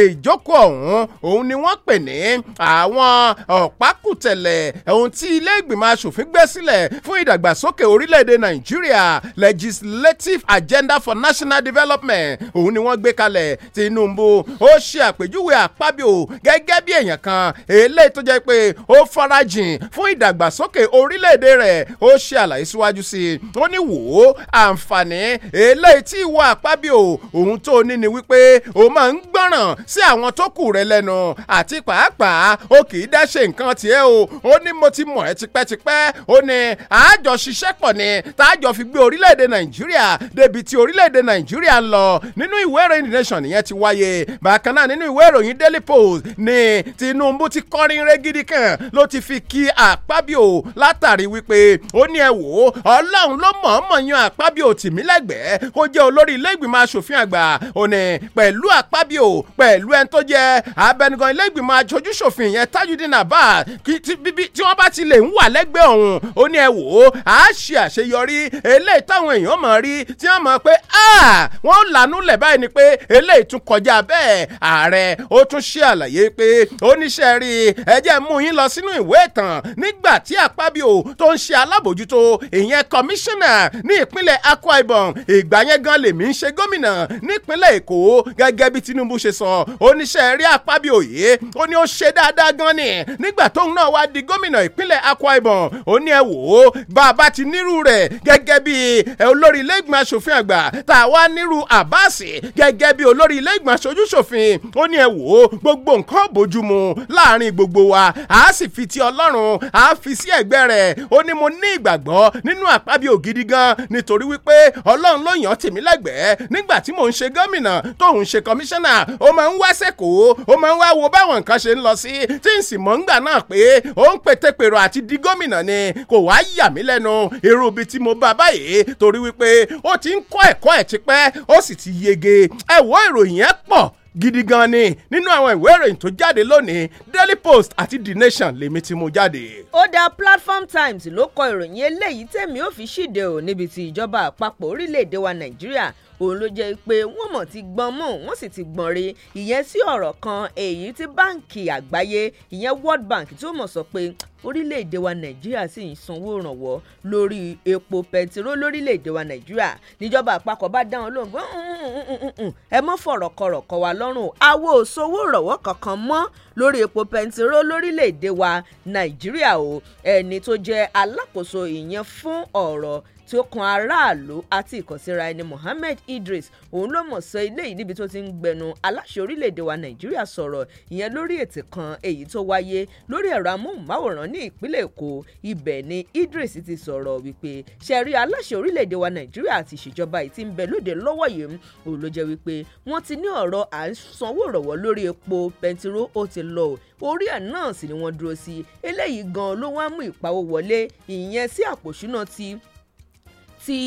ìjókòó ọ̀hún òun ni wọ́n pè ní àwọn ọ̀pákùtẹ̀lẹ̀ ohun tí ilé ìgbìmọ̀ asòfin gbé sílẹ̀ fún ìdàgbàsókè orílẹ̀-èdè nàìjíríà legislative agenda for national development òun ni wọ́n gbé kalẹ̀ tinubu ó ṣe àpèjúwe àpábíò gẹ́gẹ́ bí èèyàn kan eléyìí tó jẹ́ pé ó farajìn fún ìdàgbàsókè orílẹ̀-èdè rẹ̀ ó ṣe àlàyé síwájú sí i ó ní wò ó àǹfààní eléyìí tí ìwọ àpábíò Fábíò ohun tó ní ni wípé o máa ń gbọ́ràn sí àwọn tó kù rẹ lẹ́nu àti pàápàá o kì í dá ṣe nǹkan tiẹ̀ o ó ní mo ti mọ̀ ẹ́ tipẹ́tipẹ́ ó ní àjọ ṣiṣẹ́ pọ̀ ni táàjọ fi gbé orílẹ̀-èdè Nàìjíríà débi tí orílẹ̀-èdè Nàìjíríà ń lọ nínú ìwé ìròyìn Nation ìyẹn ti wáyé bákan náà nínú ìwé ìròyìn Daily Post ni Tinubu ti kọrin regidi kan ló ti fi kí Akpabio látàrí wípé ó ní ẹ wò Ọlọ́run ló mọ̀ọ́mọ̀ yan Akpabio tìmílẹ́gbẹ̀ẹ́ kó jẹ́ olórí ilé ìgbìmọ̀ ìlẹ́gbìmọ̀ asòfin àgbà òní pẹ̀lú àpábíò pẹ̀lú ẹni tó jẹ́ abẹnugan ìlẹ́gbìmọ̀ asojúṣòfin yẹn tajudeen abbas tí wọ́n bá ti lè ń wà lẹ́gbẹ̀ẹ́ ọ̀hún ó ní ẹ wò ó á ṣe àṣeyọrí eléyìí táwọn èèyàn mọ̀ rí tí wọ́n mọ̀ pé wọ́n lànú lẹ̀ báyìí ni pé eléyìí tún kọjá bẹ́ẹ̀ ààrẹ ó tún ṣe àlàyé pé oníṣẹ́ rí ẹjẹ́ mú yín lọ sínú ìwé ìtàn nígbà tí àpábíò tó ń ṣe alábòjútó ìyẹn kọmíṣánná ní ìpínlẹ̀ akwa ibom ìgbà yẹn gan lèmi ń ṣ ṣe gómìnà nípínlẹ̀ èkó gẹ́gẹ́ bí tinubu ṣe sọ oníṣẹ́ rí apábíòye ó ní ó ṣe dáadáa gan ni nígbà tóun náà wá di gómìnà ìpínlẹ̀ akwa ibom ó ní ẹ wò ó bàbá ti nírú rẹ̀ gẹ́gẹ́ bí olórí ilé ìgbìmọ̀ asòfin àgbà tá a wá nírú àbáàsì gẹ́gẹ́ bí olórí ilé ìgbìmọ̀ aṣojú ṣòfin ó ní ẹ wò ó gbogbo nǹkan bójúmu láàrin gbogbo wa a sì fi ti ọlọ́run a fi sí ẹ̀gbẹ́ rẹ̀ ó ní mo ní ìgbàgbọ́ nínú àpábí ògidì gan nítorí wípé ọlọ́run ló yàn tèmi nígbà tí mò ń ṣe gómìnà tóun ṣe kọmíṣánná ó máa ń wá sẹ́kọ̀ọ́ ó máa ń wá wo báwọn nǹkan ṣe ń lọ sí tí n sì mọ̀ ń gbà náà pé ó ń petepèrò àti di gómìnà ni kò wá yà mí lẹ́nu irú ibi tí mo bá báyìí torí wípé ó ti ń kọ́ ẹ̀kọ́ ẹ̀ tipẹ́ ó sì ti yege ẹ̀wọ́ ìròyìn ẹ̀ pọ̀ gidi gan ni nínú àwọn ìwé ìròyìn tó jáde lónìí daily post àti the nation lèmi tí mo jáde. ó dá platform times ló kọ ìròyìn eléyìí tèmi ò fi ṣíde o níbi tí ìjọba àpapọ̀ orílẹ̀-èdè wa nàìjíríà òun ló jẹ́ pé wọ́n mọ̀ ti gbọ́n mọ̀ wọ́n sì ti gbọ́n re ìyẹn sí ọ̀rọ̀ kan èyí tí báǹkì àgbáyé ìyẹn World Bank tó mọ̀ sọ pé orílẹ̀-èdè wa nàìjíríà sì ń sanwó ìrànwọ́ lórí epo pẹtiró lórílẹ̀-èdè wa nàìjíríà níjọba àpapọ̀ bá dáhùn lóhùn pé ẹ mọ́ fọ̀rọ̀ kọ̀rọ̀ kọ wa lọ́rùn àwo ò sanwó ìrànwọ́ kankan mọ́ lórí epo pẹtiró lórílẹ̀-èdè wa nàìjíríà o ẹni tó jẹ́ alákòóso ìyẹn fún ọ̀rọ̀ tó kan aráàlú àti ìkànsíra ẹni Mohammed Idris òun ló mọ̀ sọ ilé yìí níbi tó ti ń gbẹnu aláṣẹ orílẹ̀-èdè wa Nàìjíríà sọ̀rọ̀ ìyẹn lórí ètè kan èyí tó wáyé lórí ẹ̀rọ amóhùnmáwòrán ní ìpínlẹ̀ Èkó ibẹ̀ ni Idris ti sọ̀rọ̀ wípé ṣẹ̀rí aláṣẹ orílẹ̀-èdè wa Nàìjíríà àti ìṣèjọba yìí ti ń bẹ lóde lọ́wọ́ yìí òun ló jẹ́ wípé wọ́n ti ní ọ̀rọ̀ à ń sanwó rọ̀wọ́ lórí epo bẹntiró ó ti lọ orí ẹ̀ náà sì ni wọ́n dúró sí eléyìí gan ló wá mú ìpawó wọlé ìyẹn sí àpòṣúná ti tí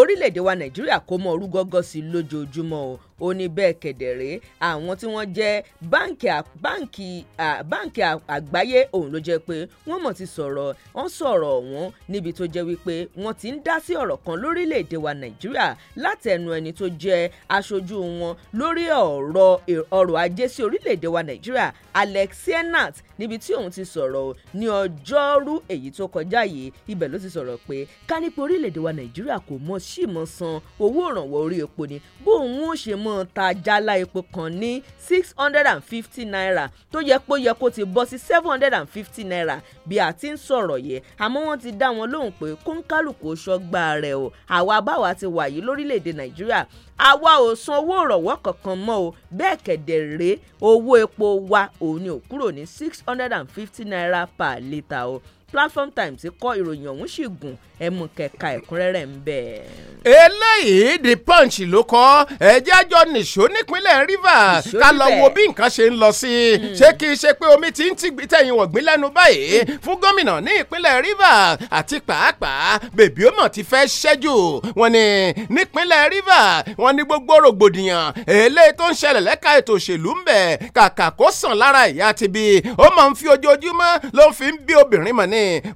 orílẹ̀-èdè wa nàìjíríà kó mọ orú gọ́gọ́ sí lójoojúmọ́ o ó ní bẹ́ẹ̀ kẹ̀dẹ̀rẹ́ àwọn tí wọ́n jẹ́ báǹkì àgbáyé òun ló jẹ́ pé wọ́n mọ̀ ti sọ̀rọ̀ wọ́n sọ̀rọ̀ ọ̀hún níbi tó jẹ́ wípé wọ́n ti ń dá sí ọ̀rọ̀ kan lórílẹ̀‐èdè wa nàìjíríà látẹnu ẹni tó jẹ́ aṣojú wọn lórí ọ̀rọ̀ ọrọ̀ ajé sí orílẹ̀‐èdè wa nàìjíríà alex sienat níbi tí òun ti sọ̀rọ̀ ní ọjọ́rú èyí tó kọjá yìí ibẹ̀ ló ti sọ̀rọ̀ pé ká nípa orílẹ̀‐èdè wa nàìjíríà kò mọ̀ sí mọ̀ san owó ìrànwọ́ orí epo ni bóun ó ṣe mọ wọ́n ta jálá epo kan ní six hundred and fifty naira tó yẹ kó yẹ kó ti bọ́ sí seven hundred and fifty naira bí a ti ń sọ̀rọ̀ yẹ àmọ́ wọ́n ti dá wọn lóhùn pé kóńkálùkù ṣọgbà rẹ̀ o àwa báwa ti wà yìí lórílẹ̀‐èdè nàìjíríà àwa ò san owó ìrànwọ́ kankan mọ́ o bẹ́ẹ̀ kẹ̀dẹ̀ rèé owó epo wa òun ni ò kúrò ní six hundred and fifty naira per litre o platform times kọ ìròyìn ọ̀hún sì gùn ẹ̀mú kẹ̀ka ẹ̀kúnrẹ́rẹ́ ń bẹ̀. eléyìí the punch ló kọ ẹjẹ́ àjọ nìṣó nípínlẹ̀ rivers ká lọ wo bí nǹkan ṣe ń lọ sí i hmm. ṣé kì í ṣe pé omi ti ń tẹ̀yìn wọ̀gbìn lẹ́nu báyìí fún gómìnà ní ìpínlẹ̀ rivers àti pàápàá bèbí ọmọ ti fẹ́ ṣẹ́jú wọn ni nípínlẹ̀ rivers wọn ni gbogbo rògbòdìyàn eléyìí tó ń ṣẹlẹ̀ lẹ́ka ètò òṣèlú ń bẹ̀ kàkà kó sàn lára ìyá ti bí ó máa ń fi ojoojúmọ́ ló ń fi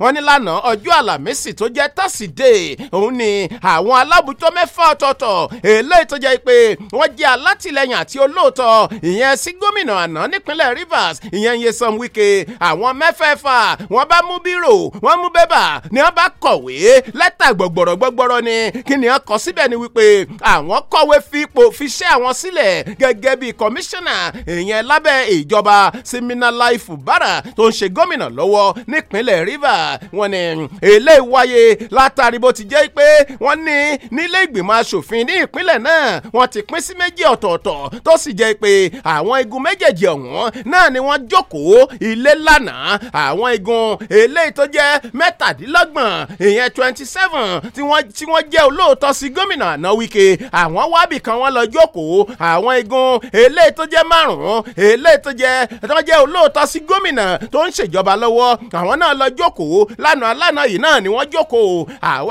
wọ́n ní lánàá ọjọ́ àlàmísì tó jẹ́ tásídẹ̀ẹ́ òun ni àwọn alábùjọ mẹ́fà ọ̀tọ̀ọ̀tọ̀ eléyìí tó jẹ́ pé wọ́n jẹ́ alátìlẹyìn àti olóòótọ́ ìyẹn sí gómìnà àná nípínlẹ̀ Rivers ìyẹn Nyesom Wike àwọn mẹ́fẹ̀ẹ̀fà wọ́n bá mú bírò wọ́n mú bébà ni wọ́n bá kọ̀wé lẹ́tà gbọ̀gbọ̀rọ̀ gbọ̀gbọ̀rọ̀ ni kí ni wọ́n kọ síbẹ̀ ni wípé àwọn kọ̀wé fipò fiṣẹ́ àwọn sílẹ̀ gẹ́gẹ́ bíi kọmíṣánná ìyẹn lábẹ́ ìjọba Siminalayi Fubara tó ń ṣe gómìnà lọ́wọ́ nípínlẹ̀ Rivers River wọ́n ní hmm, eléyìí wáyé látàrí bó ti jẹ́ pé wọ́n ní nílé ìgbìmọ̀ asòfin ní ìpínlẹ̀ náà wọ́n ti pín sí méjì ọ̀tọ̀ọ̀tọ̀ tó sì jẹ́ pé àwọn igun méjèèjì ọ̀hún náà ni wọ́n jókòó ilé lánàá àwọn igun eléyìí tó jẹ́ mẹ́tàdínlọ́gbọ̀n ìyẹn twenty seven tí wọ́n jẹ́ olóòótọ́ sí gómìnà àná Wike àwọn wábì kan wọ́n lọ jókòó àwọn igun eléyìí tó jẹ́ márùn-ún eléyìí tó jẹ́ tó jẹ́ olóòótọ́ sí gómìnà tó ń ṣèjọba lọ́wọ́ àwọn náà lọ jókòó lánàá lánàá yìí náà ni wọ́n jókòó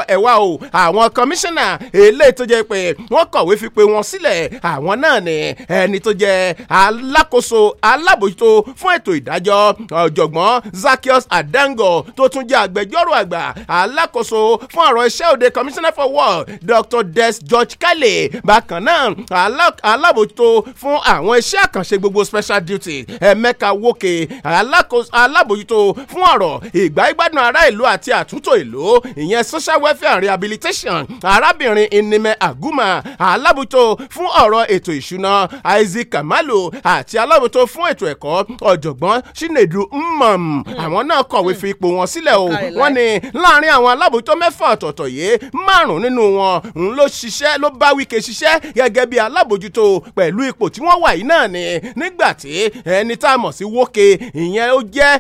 ẹ̀wá o àwọn kọmíṣánná eléyìí tó jẹ́ pé wọ́n kọ̀wé fi pé wọ́n sílẹ̀ àwọn náà ni ẹni tó jẹ́ alákòóso alábòjútó fún ètò ìdájọ́ ọ̀jọ̀gbọ́n Zaccheaus Adango tó tún jẹ́ agbẹjọ́rò àgbà alákòóso fún ọ̀rọ̀ iṣẹ́ òde commissioner for war Dr. Des George Kale bákan náà alábòjútó fún àwọn iṣẹ́ àkànṣe gbogbo special duty Emeka Woke alábòjútó fún ọ̀rọ̀ ìg ìgbáyégbádùn ará ìlú àti àtúntò ìlú ìyẹn social welfare and rehabilitation arábìnrin Inime Aguma alábùtò fún ọ̀rọ̀ ètò ìṣúná Isaac Kamalu àti alábùtò fún ètò ẹ̀kọ́ ọ̀jọ̀gbọ́n Chinedu Mmam àwọn náà kọ̀wé fi ipò wọn sílẹ̀ o wọ́n ní láàrin àwọn alábùtò mẹ́fà ọ̀tọ̀ọ̀tọ̀ yìí márùn-ún nínú wọn ń ló ṣiṣẹ́ ló bá Wike ṣiṣẹ́ gẹ́gẹ́ bí alábòjútó pẹ̀lú ipò tí wọ́n wà yìí náà ni nígbà tí ẹni tá a mọ̀ sí Woke ìyẹn ó jẹ́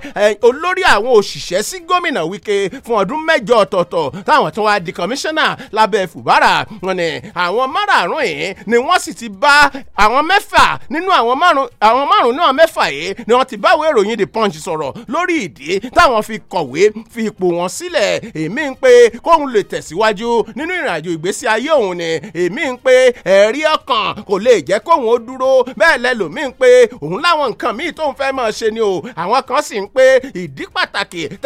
olórí àwọn òṣìṣẹ́ sí gómìnà wike fún ọdún mẹ́jọ ọ̀tọ̀ọ̀tọ̀ táwọn tó wá di kọmíṣánná lábẹ́ fùbárà wọn ni àwọn márààrún yìí ni wọ́n sì ti bá àwọn mẹ́fà nínú àwọn márùn àwọn márùn náà mẹ́fà yìí ni wọ́n ti báwo ìròyìn the punch sọ̀rọ̀ lórí ìdí táwọn fi kọ̀wé fi ipò wọn sílẹ̀ èmi ń pé kóun lè tẹ̀síwájú nínú ìrìnàjò ìgbésí ayé òun ni èmi ń pé ẹ̀rí ọkàn kò lè jẹ́ kóun ó dúró bẹ́ẹ̀ lẹ́lòmí ń pé òun láwọn nǹkan míì tóun fẹ́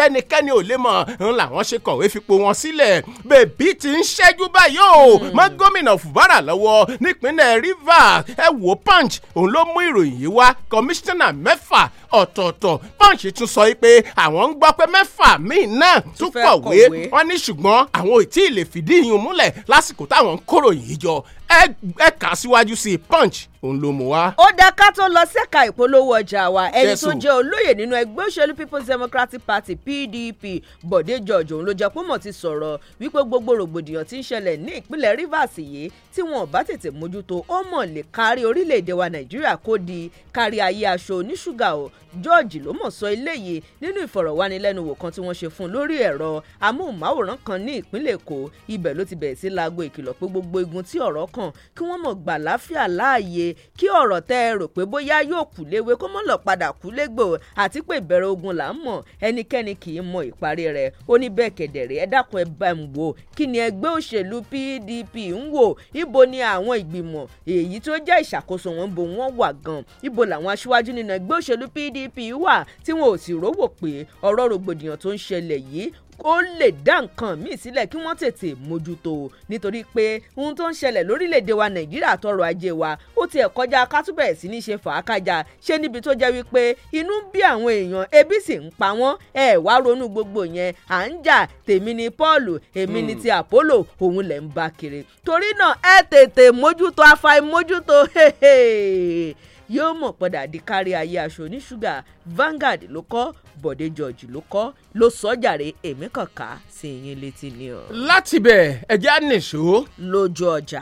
tẹ́nikẹ́ni ò lè mọ̀ ń làwọn ṣe kọ̀wé fipò wọn sílẹ̀ bèbí ti ń ṣẹ́jú báyìí o mọ́ gómìnà Fubara lọ́wọ́ nípínlẹ̀ Rivers ẹ wò Punch òun ló mú ìròyìn yìí wá kọmíṣánná mẹ́fà ọ̀tọ̀ọ̀tọ̀ Punch tún sọ pé àwọn ń gbọ́ pé mẹ́fà míì náà tún kọ̀wé wọn ní ṣùgbọ́n àwọn ò tí ì lè fìdí ìyún múlẹ̀ lásìkò táwọn ń kóròyìn jọ ẹ kà síwájú sí Punch òun ló mú wá. ó dá ká tó lọ sẹ́ka ìpolówó ọjà wa ẹni tó jẹ́ olóyè nínú ẹgbẹ́ òṣèlú people's democratic party pdp bọ̀dé george òun ló jẹ́ pé mọ̀ ti sọ̀rọ̀ wípé gbogbo rògbòdìyàn ti ń ṣẹlẹ̀ ní ìpínlẹ̀ rivers yìí tí wọn ò bá tètè mójútó ó mọ̀ lè kárí orílẹ̀-èdè wa nàìjíríà kó di kárí ayé aṣọ oníṣúgà o george ló mọ̀ sọ eléyìí nínú ìfọ̀rọ̀wánilẹ́nuwò kan tí wọ́n ṣe fún un lórí ẹ̀rọ amóhùnmáwòrán kan ní ìpínlẹ̀ èkó ibẹ̀ ló ti bẹ̀rẹ̀ sí laago ìkìlọ̀ pé gbogbo igun tí ọ̀rọ̀ kàn kí wọ́n mọ̀ gbà láfíà láàyè kí ọ̀rọ̀ tẹ́ ẹ rò pé bóyá yóò kú léwe kó mọ́ lọ padà kú légbò àti pé ìbẹ̀rẹ̀ ogun là ń mọ̀ ẹnikẹ́ni kì í mọ ìparí rẹ̀ ó ní bẹ́ẹ̀ kẹ̀dẹ̀rẹ̀ ẹ dákun ẹ bá ń wò kí ni ẹgbẹ́ òṣèlú PDP ń wò ibo ni àwọn ìgbìmọ̀ èyí tó jẹ́ ìṣàkóso wọn bo wọn wà gan ibo làwọn aṣíwájú nínú ẹgbẹ́ òṣèlú PDP wà tí wọn ò sì rówó pé ọ̀rọ̀ rògbòdìyàn tó ń ṣẹlẹ̀ yìí kó lè dá nǹkan míì sílẹ̀ kí wọ́n tètè mójútó nítorí pé ohun tó ń ṣẹlẹ̀ lórílẹ̀‐èdè wa nàìjíríà tọrọ ajé wa ó tiẹ̀ kọjá kátúbẹ̀ sí ní ṣe fàákàjà ṣé níbi tó jẹ́ wípé inú bí àwọn èèyàn ebi sì ń pa wọ́n ẹ̀ wá ronú gbogbo yẹn à ń jà tèmi ni paul èmi ni hmm. ti apollo òun lẹ̀ ń bá kiri torí náà ẹ tètè mójútó afáìmójútó yóò mọ̀ padà di kárí ayé aṣọ oníṣúgà Vanguard ló kọ́ Bọ̀dé George ló kọ́ ló sọ́jàre èmi kàn ká sí yín létí ni o. láti bẹ̀ ẹ̀jẹ̀ á nìṣó. lójú ọjà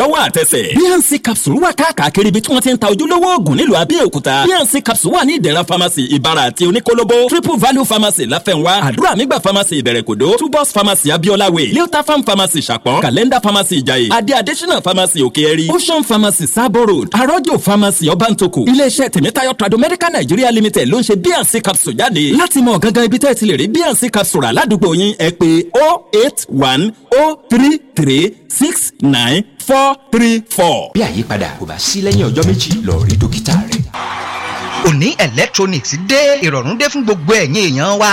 lọ́wọ́ àtẹsẹ̀. bnc capsule wà káàkiri ibi tí wọ́n ti ń ta ojúlówó oògùn nílùú abẹ́òkúta bnc capsule wà ní ìdẹ̀ra pharmacy ìbàrà àti oníkólóbó triple value pharmacy láfẹnwá àdúrà mígbà pharmacy ìbẹ̀rẹ̀kòdó tubos pharmacy abiola way leota farm pharmacy ṣàpọ̀n calendar pharmacy ìjàyè adé additional pharmacy òkèèrè ocean pharmacy sabo road arọ́jò pharmacy ọbàntòkù iléeṣẹ́ tèmítáyọ̀ trado medical nigeria limited ló ń ṣe bnc capsule jáde láti mọ gangan ibi tẹ́ ẹ ti lè rí bnc capsule rà ládùúgbò yín ẹ pé 08103 three six nine four three four. bí àyípadà kò bá sí lẹ́yìn ọjọ́ méjì lọ rí dókítà rẹ̀. òní electronics dé ìrọ̀rùn dé fún gbogbo ẹ̀yin èèyàn wa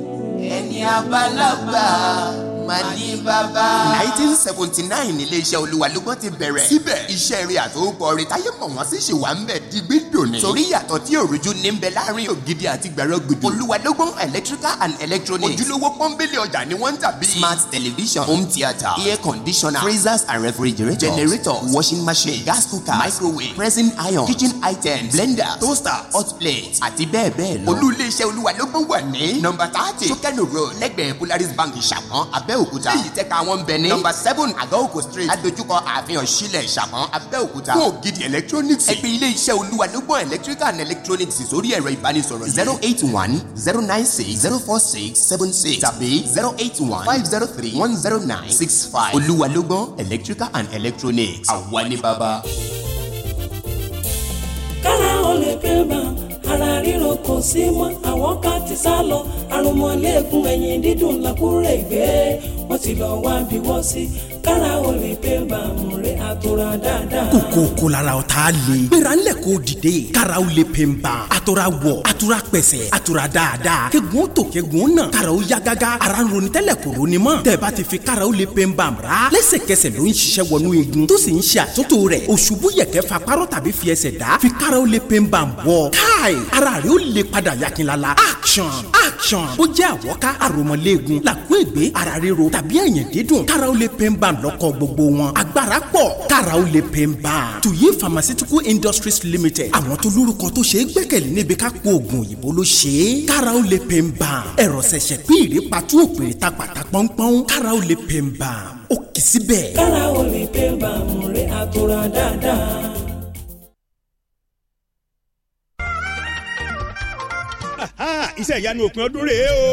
ẹni abálábà. Màdí bàbá. nineteen seventy nine iléeṣẹ́ olúwa lúgbọ́n ti bẹ̀rẹ̀. síbẹ̀ iṣẹ́ rẹ̀ àtòwòpọ̀ rẹ̀ táyé mọ̀ wọ́n sì ṣì wà ń bẹ̀ digbí dòní. torí yàtọ̀ tí òrùjú ní bẹ láàrin ògidì àti gbẹ̀rọ gbùdù. electrical and electronics. ojúlówó pọ́ńbélé ọjà ni wọ́n ń tà bí. smart television home theater, air conditioner freezers and refrigerators generator, washing machine gas cooker microwave pressing iron kitchen items blender toaster hot plate àti bẹ́ẹ̀ bẹ́ẹ̀ lọ. olú iléeṣẹ́ olúwa lúgbọ́n wà ní. number thirty sókẹ́nù road lẹ́gbẹ̀ẹ́ polaris bank ìṣàpọ̀n abẹ́òkúta. èyí tẹ́ka àwọn bẹ̀ ní. number seven àgọ́òkò street. adojúkọ àfihàn sílẹ̀ ìṣàpọ̀n abẹ́òkúta. fún ògidì electronics. ẹ pè ilé iṣẹ́ olúwa lógbọ̀n electrical and electronics sórí ẹ̀rọ ìbánisọ̀rọ̀ yìí. zero eight one zero nine six zero four six seven six tàbí zero eight one five zero three one zero nine six five. olúwa lógbọ̀n electrical and electronics àwa ní baba. kára ó lè bá ara ríro kò sí mọ́ àwọn ká ti sá lọ àrùn mọ́lẹ́gùn ẹ̀yìn dídùn làkúrègbé wọ́n ti lọ́ọ́ wá bí wọ́n sí kára o lè pé bàmù rẹ̀ àtúrà dáadáa. kòkó kò lára o t'a le. gbéra ńlẹ̀ k'o dìde. kára o lè pè n ban. àtúrà wọ̀ àtúrà pẹ̀sẹ̀ àtúrà dáadáa. kegun tó kegun náà. kára o ara ń ronú tẹ́lẹ̀ kò ronú mọ́. tẹ̀bá ti fi kára o lè pè n ban ra. lẹ́sẹ̀kẹsẹ̀ ló ń ṣiṣẹ́ wọnú igun. tó sì ń ṣe àtúntò rẹ̀. òṣùbù yẹ̀kẹ́ fa párọ̀ tàbí fi ẹsẹ̀ dá. fi kára o lè pè n ban bọ̀. káì ara rẹ̀ ó le padà yakinlala. action action action. ó jẹ́ àwọ̀ká àròmọ̀léegun làkúègbé ara ríro tàbí ẹ̀yìn dídùn kára ó lè pen ban lọ́kọ̀ gbogbo wọn agbára pọ̀ kára ó lè pen ban. tuyi pharmaceutical industries limited àwọn tó lórúkọ tó ṣe é gbẹ́kẹ̀lé níbi ká po oògùn òyìnbó ló ṣe é kára ó lè pen ban. ẹ̀rọ ṣẹ̀ṣẹ̀ pín ìrèpàtú òpèrè ta pàtà pọ́npọ́n kára ó lè pen ban ó kì í síbẹ̀. kára ó lè pen ban mo rí àtúrà dáadáa iṣẹ́ ìyanu òpin ọdún rèé o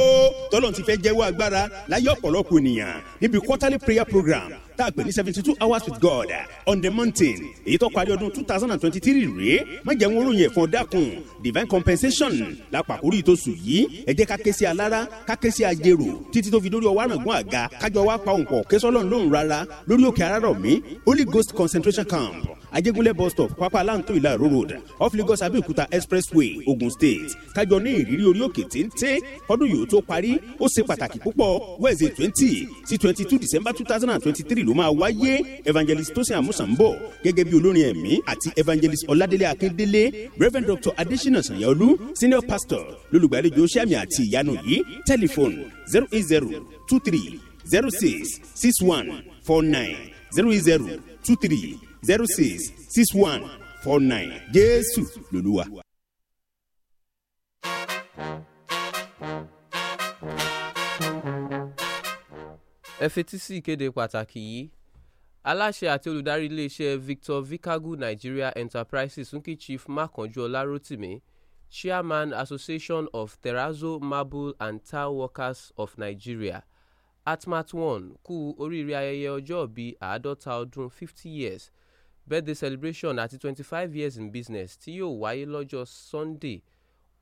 tọ́lọ́n ti fẹ́ jẹ́wọ́ agbára láyé ọ̀pọ̀lọpọ̀ ènìyàn níbi quarterly prayer program tá a pè ní seventy two hours with God on the mountain èyí tó parí ọdún two thousand and twenty three rèé má jẹ́ wọn ròyìn ẹ̀fọn dákun divine compensation lápapòrí tó sùn yìí ẹ jẹ́ ká ké sí alára ká ké sí ajérò títí tó fi dórí ọwọ́ àràngún àga kájọ wá pa òǹkọ̀ késọ́lọ́n lóhùn rárá lórí òkè arárọ̀mí Holy Ghost concentration camp ajégúnlẹ̀ bus stop pápá aláǹtó ìlàró road off lagos abẹ́òkúta expressway ogun state kájọ ní ìrírí orí òkè téńté ọdún yòó tó parí ó ṣe pàtàkì púpọ̀ wednesday twenty sí twenty two december two thousand and twenty three ló máa wáyé evangelist tosin amusanbo gẹ́gẹ́ bí olórin ẹ̀mí àti evangelist ọládélé akíndélé reverend dr adesina sanyaolu senior pastor lólùgbàlejò sẹ́mi àti ìyanu yìí tẹlifóònù zero eight zero two three zero six six one four nine zero eight zero two three zero six six one four nine jésù lolúwa. thank you Ẹ fetí sí ìkéde pàtàkì yìí: Aláṣẹ àti olùdarí iléeṣẹ́ Victor Vicago Nigeria Enterprises ń kí Chief Makanju Ọláròtìmí, Chairman Association of Terrazzo Marble and Tile Workers of Nigeria (ATMATWON) kú oríire ayẹyẹ ọjọ́òbí àádọ́ta ọdún (50 years) birthday celebration àti 25 years in business tí yóò wáyé lọ́jọ́ Sunday.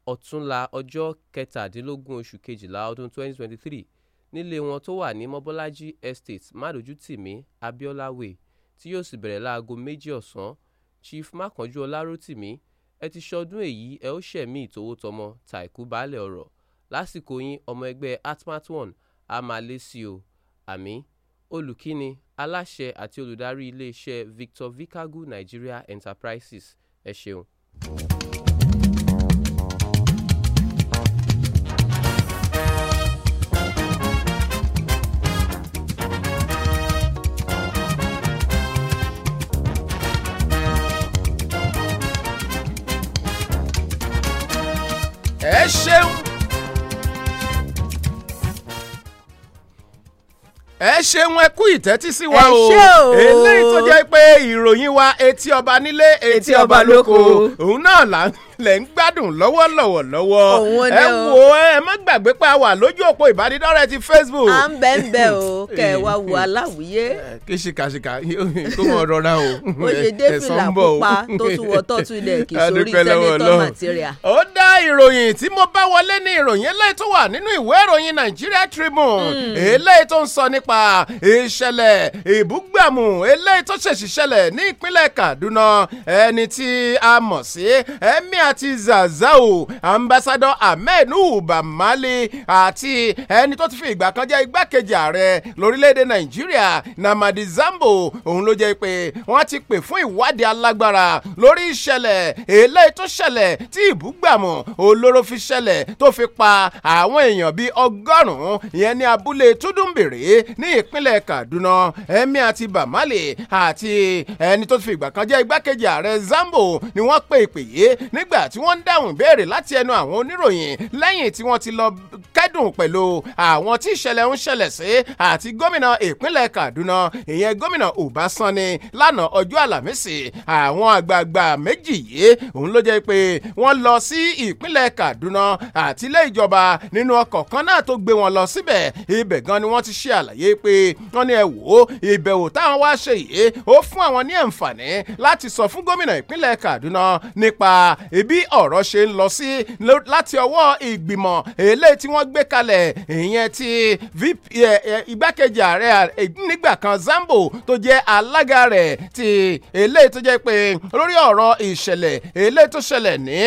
ọ̀túnla ọjọ́ kẹtàdínlógún oṣù Kejìlá ọdún 2023 nílé wọn tó wà ní mobólájí estate mádojútìmí abiola way tí yóò sì bẹ̀rẹ̀ láago méjì ọ̀sán chief mákànjúọlá rotimi ẹ ti ṣọdún èyí ẹ ó ṣẹ̀mí ìtòwótọmọ tàìkú baálẹ̀ ọ̀rọ̀ lásìkò yín ọmọ ẹgbẹ́ atmat one a máa lé sí o àmì olùkíni aláṣẹ àti olùdarí iléeṣẹ́ victor vicagu nigeria enterprises ẹ ṣeun. ṣeun ẹ ìtẹ́tí sí wa o eléyìí tó jẹ́ pé ìròyìn wa etí ọba nílé etí ọba lóko òun náà là ń lẹ̀ ń gbádùn lọ́wọ́lọ́wọ́ lọ́wọ́ ẹ wo ẹ má gbàgbé pé a wà lójú òpó ìbánidọ́rẹ̀ẹ́ ti Facebook. à ń bẹ̀ ń bẹ̀ o kẹ̀ ẹ wá wo aláwìyé. kí ṣìkàṣìkà kó mọ rọra o ẹ̀sán ń bọ̀ o. tó tún wọ tọ́tù ilẹ̀ kì í sórí senator material. ó dá ìròyìn tí mo bá wọlé ní ìròyìn eléyìí tó wà nínú ìwé ìròyìn Nigeria Tribune hmm. eléyìí tó ń sọ nípa ìṣẹ̀lẹ̀ ìbúgbàmù eléyìí tó ṣèṣì ṣẹlẹ̀ ní ìpínlẹ̀ Kaduna ẹni tí a mọ̀ sí ẹ̀mí àti Zazzau ambassador Ahmed Uba Mali àti ẹni tó ti fi ìgbà kan jẹ́ igbákejì ààrẹ lórílẹ̀‐èdè Nàìjíríà Namadi Zambo òun ló jẹ́ pé wọ́n ti pè fún ìwádìí alágbára lórí ìṣẹ̀lẹ̀ eléyìí tó ṣẹlẹ̀ tí ìbúgbàmù olóró fi ṣẹlẹ̀ tó fi pa àwọn èèyàn bíi ọgọ́rùn-ún ìyẹn ní abúlé Tudunbiri ní ìpínlẹ̀ Kaduna ẹ̀mí àti Bamali àti ẹni tó ti fi ìgbà kan jẹ́ igbákejì ààrẹ Zambo ni wọ́n pè ìpè yìí nígb nígbà tí wọ́n ń dáhùn ìbéèrè láti ẹnu àwọn oníròyìn lẹ́yìn tí wọ́n ti lọ kẹ́dùn pẹ̀lú àwọn tí ìṣẹ̀lẹ̀ ń ṣẹlẹ̀ sí àti gómìnà ìpínlẹ̀ Kaduna ìyẹn gómìnà Ọbásanni lánàá ọjọ́ Àlàmísì àwọn àgbààgbà méjì yìí òun ló jẹ́ pé wọ́n lọ sí ìpínlẹ̀ Kaduna àti ilé ìjọba nínú ọkọ̀ kan náà tó gbé wọn lọ síbẹ̀ ibẹ̀ gan ni wọ́n ti ṣe àlàyé pé wọ́n ní ẹ wò ó ìbẹ̀wò táwọn wá ṣe yìí ó fún àwọn ní àǹfààní láti sọ fún gómìnà ìpínlẹ̀ Kaduna nípa ib bí ọ̀rọ̀ ṣe ń lọ sí láti ọwọ́ ìgbìmọ̀ eléyìí tí wọ́n gbé kalẹ̀ ìyẹn ti igbákejì ààrẹ nígbà kan Zambo tó jẹ́ alága rẹ̀ ti eléyìí tó jẹ́ pé lórí ọ̀rọ̀ ìṣẹ̀lẹ̀ eléyìí tó ṣẹlẹ̀ ní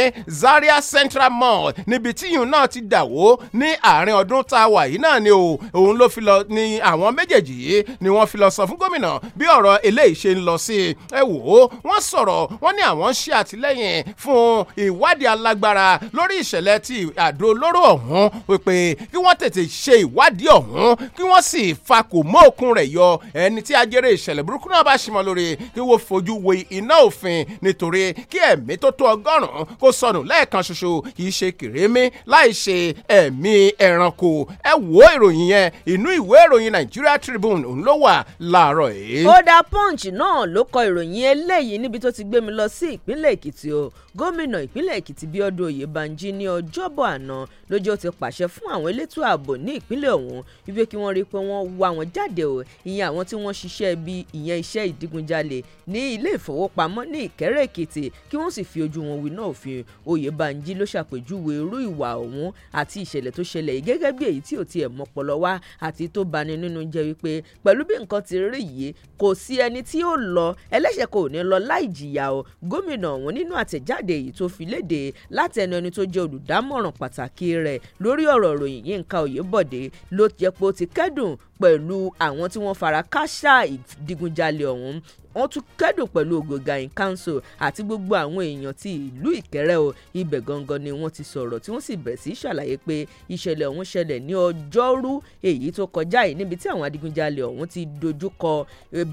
Zaria Central Mall níbi tíyùn náà ti dà wó ní àárín ọdún tá a wà yìí náà ni òun ló fi lọ ní àwọn méjèèjì yìí ni wọ́n fi lọ sọ fún gómìnà bí ọ̀rọ̀ eléyìí ṣe ń lọ sí ẹ wò ó wọ́n sọ̀rọ̀ wọ́n ní àwọn ń ṣe àtìlẹ́yìn fún ìwádìí alágbára lórí ìṣẹ̀lẹ̀ ti àdó olóró ọ̀hún wípé kí wọ́n tètè ṣe ìwádìí ọ̀hún kí wọ́n sì fakò mọ́ òkun rẹ̀ yọ ẹni tí ajẹ́rẹ́ ìṣẹ̀lẹ̀ burúkú náà bá ṣìmọ̀ lórí kí wọ́n fojú wo iná òfin nítorí kí ẹ̀mí tó tó ọgọ́rùn-ún kó sọnù lẹ́ẹ̀kan ṣoṣo kì í ṣe kèrémí láì ṣe ẹ̀mí ẹranko ẹ wo ìròyìn yẹn inú ìwé ìròyìn Nigeria Tribune òun ló wà láàárọ̀ yìí. ó Punch náà ló kọ ìròyìn eléyìí níbi tó ti gbé mi lọ sí ìpínlẹ̀ Èkìtì o gómìnà gómìnà ìpínlẹ̀ Èkìtì Bíọ́dún Oyèbánjí ní ọjọ́bọ̀ àná lójú ó ti pàṣẹ fún àwọn elétò ààbò ní ìpínlẹ̀ ọ̀hún wípé kí wọ́n rí i pé wọ́n wá wọn jáde o ìyẹn àwọn tí wọ́n ṣiṣẹ́ bí ìyẹn iṣẹ́ ìdígunjalè ní ilé ìfowópamọ́ ní Ìkẹ́rẹ́ Èkìtì kí wọ́n sì fi ojú wọn winá òfin Oyèbánjí ló ṣàpèjúwe irú ìwà ọ̀hún àti ìṣẹ̀lẹ̀ tó ṣẹlẹ̀ yìí gẹ́gẹ́ bí èyí tí ò tiẹ̀ mọ́pọlọ wá àti tó bani nínú jẹ́ wípé pẹ̀lú bí nǹkan ti rí yìí kò sí ẹni tí ó lọ ẹlẹ́ṣẹ̀ kò ní lọ láì jìyà o gómìnà ọ̀hún nínú àtẹ̀jáde èyí tó fi léde láti ẹnu ẹni tó jẹ́ olùdámọ̀ràn pàtàkì rẹ̀ lórí ọ̀rọ̀ ìròyìn Yínká Oyèbọ̀dé ló jẹ́ pé ó ti kẹ́dùn pẹ̀lú àwọn tí wọ́n fara káṣá ìdigunjalè ọ̀hún wọ́n tún kẹ́dùn pẹ̀lú Ogogayin Council àti gbogbo àwọn èèyàn ti ìlú Ìkẹ́rẹ́ o ibẹ̀ gangan ni wọ́n ti sọ̀rọ̀ tí wọ́n sì bẹ̀rẹ̀ sí í ṣàlàyé pé ìṣẹ̀lẹ̀ ọ̀hún ṣẹlẹ̀ ní ọjọ́rú èyí tó kọjá yìí níbi tí àwọn adigunjalè ọ̀hún ti dojúkọ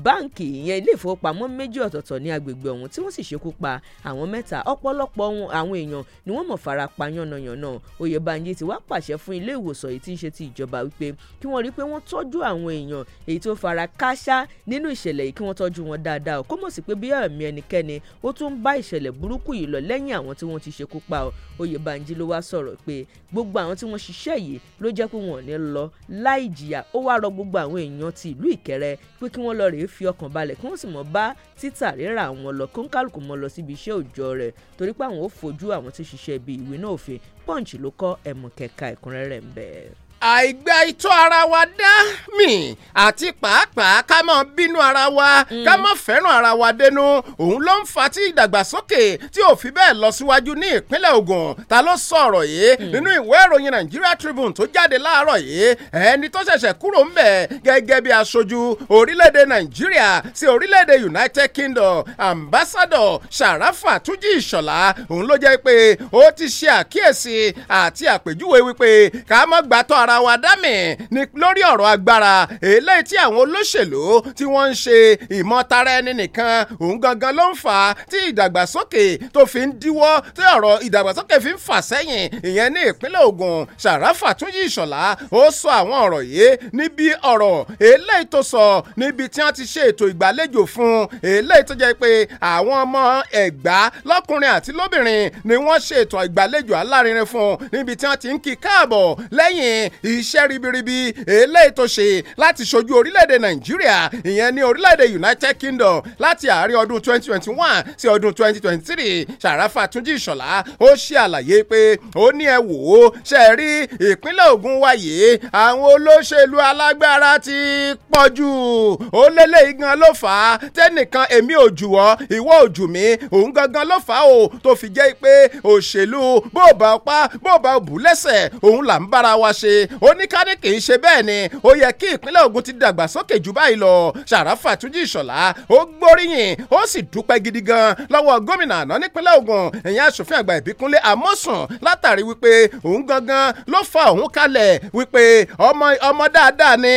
báǹkì ìyẹn ilé ìfowópamọ́ méjì ọ̀tọ̀ọ̀tọ̀ ní agbègbè ọ̀hún tí wọ́n sì ṣekú pa àwọn mẹ́ta ọ̀pọ̀lọpọ̀ àwọn èèyàn ni wọ́n mọ̀ fara pa yánnayànna Oyèbánjí ti wá pàṣẹ fún ilé ìwòsàn èyí tí ń ṣe ti ìjọba wípé kí wọ́n rí i pé wọ́n tọ́jú àwọn èèyàn èyí tó fara kááṣá nínú ìṣẹ̀lẹ̀ yìí kí wọ́n tọ́jú wọn dáadáa dáadáa kó mọ̀ sí pé bí àmì ẹnikẹ́ni ó tún bá ìṣẹ̀lẹ̀ burúkú yìí lọ lẹ́yìn àwọn tí wọ́n ti ṣekú pa ọ́ Oyèbánjí ló wá sọ̀rọ̀ pé gbogbo àwọn tí wọ́n ṣiṣẹ́ yìí ló jẹ́ pé wọn ò ní lọ láì jìyà ó wá rọ gbogbo àwọn èèyàn ti ìlú Ìkẹrẹ pé kí wọ́n lọ rèé fi ọkàn balẹ̀ kí wọ́n sì mọ̀ bá títà rírà àwọn lọ kó ń kálukú mọ́ lọ síbi iṣẹ́ òòjọ́ rẹ̀ torí pé àwọn ò fojú àwọn tí ṣiṣẹ́ bíi ìwé náà òfin Punch ló kọ ẹ̀mú ẹ̀kúnrẹ́rẹ́ ń bẹ àìgbà itọ́ ara wa dá mì àti pàápàá ká máa bínú ara wa ká mm. máa fẹ́ràn ara wa dénú òun ló ń fa tí ìdàgbàsókè tí ò fi bẹ́ẹ̀ lọ síwájú ní ìpínlẹ̀ Ògùn ta ló sọ̀rọ̀ yìí mm. nínú ìwé ìròyìn Nigeria Tribune tó jáde láàárọ̀ yìí ẹni tó ṣẹ̀ṣẹ̀ kúrò ń bẹ̀ gẹ́gẹ́ bí aṣojú orílẹ̀ Nigeria sí orílẹ̀-èdè United Kingdom ambassador Sharafa Túnjí Ìṣọ̀lá òun ló jẹ́ pé ó ti ṣe àkíyèsí àti àpèjúwe wípé ká má gbàtọ́ ara wa dá mi lórí ọ̀rọ̀ agbára eléyìí tí àwọn olóṣèlú tí wọ́n ń ṣe ìmọ̀tara ẹni nìkan òun gangan ló ń fà á tí ìdàgbàsókè tó fi ń díwọ́ tí ọ̀rọ̀ ìdàgbàsókè fi ń fà sẹ́yìn ìyẹn ní ìpínlẹ̀ Ògùn Sàràfà Túnjí Ìṣọ̀lá ó sọ àwọn ọ̀rọ̀ yìí níbi ọ̀rọ̀ eléyìí tó sọ níbi tí wọ́n ti ṣe ètò ìgbàlejò fún eléyìí tó jẹ́ iṣẹ́ ribiribi eléyìí tó ṣe láti ṣojú orílẹ̀-èdè nàìjíríà ìyẹn ní orílẹ̀-èdè united kingdom láti àárín ọdún 2021 sí ọdún 2023 sàràfà túnjí ìṣọ̀lá ó ṣe àlàyé pé ó ní ẹ wò ó ṣe rí ìpínlẹ̀ ògùn wáyé àwọn olóṣèlú alágbára ti pọ̀ jù ó lélẹ́yìí gan ló fà á tẹ́nìkan èmi ò jù ọ́ ìwọ ò jù mí òun gangan ló fà á o tó fi jẹ́ pé òṣèlú bó bá pa bó lẹ́sẹ̀ òun là ń bára wa ṣe ó ní ká ní kì í ṣe bẹ́ẹ̀ ni ó yẹ kí ìpínlẹ̀ Ògùn ti dàgbàsókè jù báyìí lọ Ṣàràfà Túnjí Ìṣọ̀lá ó gbóríyìn ó sì dúpẹ́ gidi gan lọ́wọ́ gómìnà àná nípínlẹ̀ Ògùn ìyẹn aṣòfin àgbà Ìbíkúnlé Amósùn látàrí wípé òun gangan ló fa òun kalẹ̀ wípé ọmọ ọmọ dáadáa ni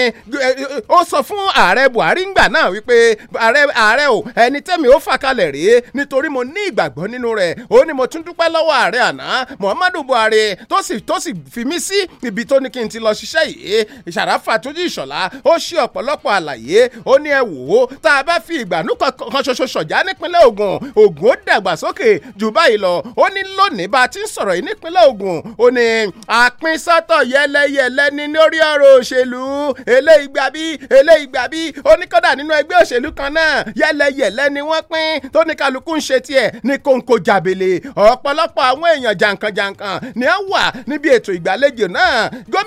ó sọ fún ààrẹ Buhari ńgbà náà wípé ààrẹ ààrẹ o ẹni tẹ́mi ó fà kalẹ̀ rèé nítorí mo ní ìgbàgbọ́ nínú rẹ̀ ó ní mo tún dúpẹ́ lọ́wọ́ ààrẹ àná Muhammadu Buhari tó sì tó sì fi mí sí ibi tó ní k kí n ti lọ ṣiṣẹ́ yìí ìṣàráfà tó jí ìṣọ̀lá ó ṣe ọ̀pọ̀lọpọ̀ àlàyé ó ní ẹ wò ó tá a bá fi ìgbàanú kan ṣoṣo ṣọ̀já nípínlẹ̀ Ògùn Ògùn ó dàgbàsókè jù báyìí lọ ó ní lónìí bá a ti ń sọ̀rọ̀ yìí nípínlẹ̀ Ògùn ó ní àpinsọ́tọ̀ yẹlẹyẹlẹ ní lórí ọ̀rọ̀ òṣèlú eléyìí gbà bí eléyìí gbà bí ó ní kọ́dà nínú ẹgbẹ́ òṣèlú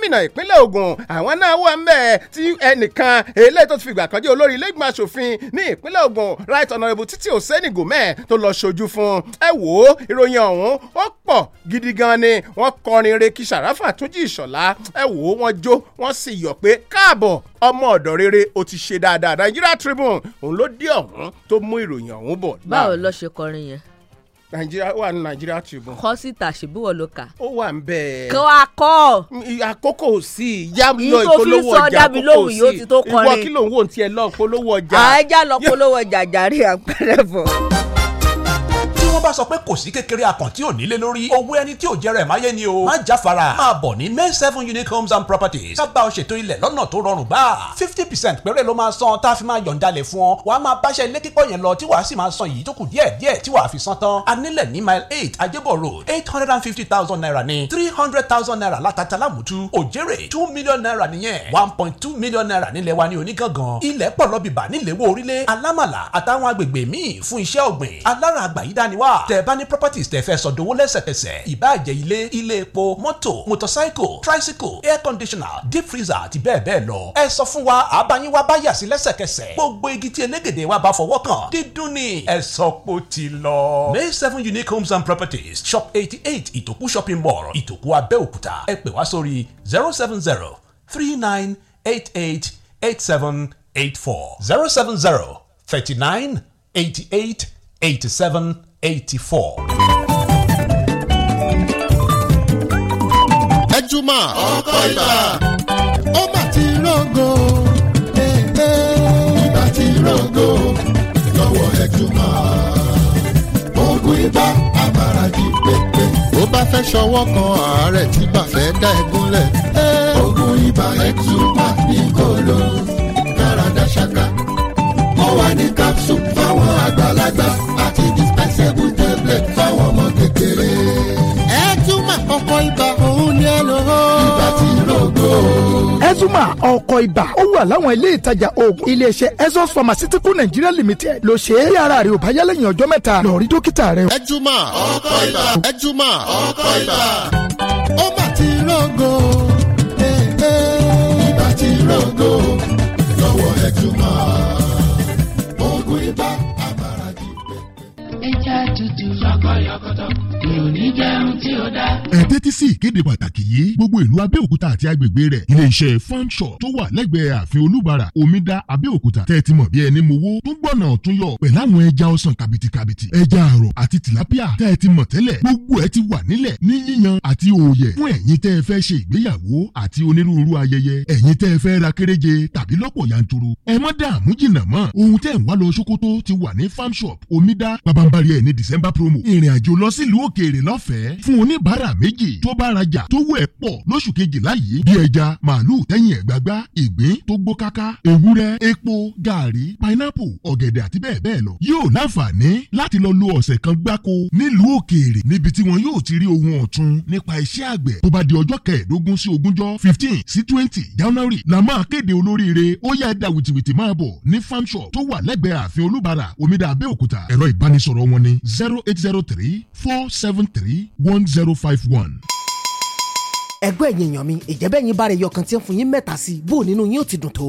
gómìnà ìpínlẹ̀ Ògùn àwọn náà wà ńbẹ̀ tí ẹnìkan eléyìí tó ti fìgbà kan jẹ́ olórí ilé ìgbìmọ̀ asòfin ní ìpínlẹ̀ Ògùn right honourable Títí Òsẹ́ni Gòmẹ̀ tó lọ ṣojú fún ẹ wò ó ìròyìn ọ̀hún ó pọ̀ gidi gan ni wọ́n kọrin re kí Sàráfà Túnjí Ìṣọ̀lá ẹ wò ó wọ́n jó wọ́n sì yọ̀ pé káàbọ̀ ọmọ ọ̀dọ̀ rere ó ti ṣe dáadáa Nigeria Tribune òun ló dé ọ̀hún tó mú ìròyìn ọ̀hún bọ̀. báwo ló ṣe kọrin yẹn nàìjíríà wà ní nàìjíríà tribune. kọ́ síta ṣèbúwọ̀ ló kà. ó wà ń bẹ́ẹ̀. kọ́ akọ́. àkókò sí i yá lọ ìpolówó ọjà àkókò sí i ìwọ kí ló ń wò ó ti ẹ lọ ìpolówó ọjà. àájá lọ polówó ọjà jàre àpẹrẹ bọ̀ wọ́n bá sọ pé kò sí kékeré akàn tí ò nílé lórí owó ẹni tí ò jẹ́ rẹ̀ máyé ni o má jáfara máa bọ̀ ní main seven unique homes and properties ká bá ọ ṣètò ilẹ̀ lọ́nà tó rọrùn bá fifty percent péré ló máa san tá a fi máa yọ̀ǹda lẹ̀ fún ọ wàá máa báṣẹ ilé kíkọ́ yẹn lọ tí wàá sì máa san yìí tó kù díẹ̀ díẹ̀ tí wàá fi san tán anílẹ̀ ní mile eight ajébọ̀ road eight hundred and fifty thousand naira ní three hundred thousand naira látàtà lámùtú two million naira one point two million naira wà. tẹ́ bá ní properties tẹ́ fẹ́ sọdowó lẹ́sẹ̀kẹsẹ̀ ìbáàjẹ́ ilé ilé epo moto motorcycle tricycle air conditioner deep freezer àti bẹ́ẹ̀ bẹ́ẹ̀ lọ. ẹ sọ fún wa àbáyín wa bá yà sí lẹ́sẹ̀kẹsẹ̀ gbogbo igi tí elégèdè wa bá fọwọ́ kàn dídùn ni ẹ sọ pé ó ti lọ. May seven unique homes and properties shop eighty eight ìtòkú shopping mall ìtòkú abẹ́òkúta ẹ pè wá sórí zero seven zero three nine eight eight eight seven eight four zero seven zero thirty nine eighty eight eighty seven. 84. ẹjúmọ́ ọkọ ibà ó mà ti rògo ibà ti rògo lọ́wọ́ ẹjúmọ́ oògùn ibà amaradi pépé. ó bá fẹ́ ṣọwọ́ kan àárẹ̀ tí bá fẹ́ dá ẹ gúnlẹ̀. oògùn ibà ẹjúmọ́ ní kòló dáradá ṣáká ó wà ní capsule fáwọn àgbàlagbà table tablet fáwọn ọmọ kékeré. ẹ túmọ̀ ọkọ̀ ibà òun ni ẹ lò ó. ibà ti rògbò. ezuma ọkọ̀ ibà ó wà láwọn ilé ìtajà oògùn iléeṣẹ́ ezos pharmaceutical nigeria limited ló ṣe é. bí ara rẹ̀ ò bá yá lẹ́yìn ọjọ́ mẹ́ta lọ rí dókítà rẹ̀. ezuma ọkọ̀ ibà ezuma ọkọ̀ ibà. ó bà ti rògbò. ibà ti rògbò lọ́wọ́ ezuma. Yakata. èèyàn ní jẹun tí ó dá. ẹ tẹ́tí sí ìkéde pàtàkì yìí gbogbo ìlú abẹ́òkúta àti agbègbè rẹ̀ iléeṣẹ́ fanshop tó wà lẹ́gbẹ̀ẹ́ ààfin olúbàrà omida abẹ́òkúta tẹ́ ti mọ̀ bí ẹni mowó tún gbọ́nà ọ̀tún yọ pẹ̀lú àwọn ẹja ọsàn kàbìtìkàbìtì ẹja àrọ̀ àti tìlápíà tẹ́ ẹ ti mọ̀ tẹ́lẹ̀ gbogbo ẹ ti wà nílẹ̀ ní yíyan àti òòyẹ̀ fún ẹ̀yin tẹ́ ẹ fẹ́ ṣe ìgbéyàwó àti onírúurú ayẹyẹ ẹ̀yin tẹ́ ẹ fẹ́ ra kéréje tàbí lọ́pọ̀ yanturu ẹ mọ́ dààmú jìnnà mọ́ ohun tẹ́ ń wá lọ Sókótó ti wà ní farm shop omida babambari ẹ̀ ní December promo ìrìn àjò lọ sílùú òkè jèrè lọ́fẹ̀ẹ́ fún oníbàárà méjì tó bá rajà tó wẹ̀ pọ̀ lóṣù kejìlá yìí bí ẹja màálù tẹ̀yìn ẹ̀gbágbá ìgbín tó gbó káká ewúrẹ́ epo gàárì pineapple ọ̀gẹ̀dẹ̀ àti bẹ́ẹ̀ bẹ́ẹ̀ lọ yóò láǹfààní láti lọ lo ọ̀sẹ̀ kan gbáko nílùú òkèèrè níbi tí wọn yóò ti rí ohun ọ̀tun nípa iṣẹ́ àgbẹ̀ tó bá di ọjọ́ kẹẹ̀ẹ́dógún sí ogúnjọ́ fifteen sí twenty january la máa kéde olóríire ó yá ẹ̀dá wìtìwìtì máa bọ̀ farm shop tó wà lẹ́gbẹ̀ẹ́ ààfin olúbàrà omidan abẹ́òkúta ẹ̀rọ ìbánisọ̀rọ̀ wọn zero eight zero three four seven seven three one zero five one ẹgbẹ́ ẹ̀yìn èèyàn mi ìjẹ́bẹ́yìn bá rẹ̀ yọkan tí ń fún yín mẹ́ta sí i bó nínú yín ó ti dùn tó.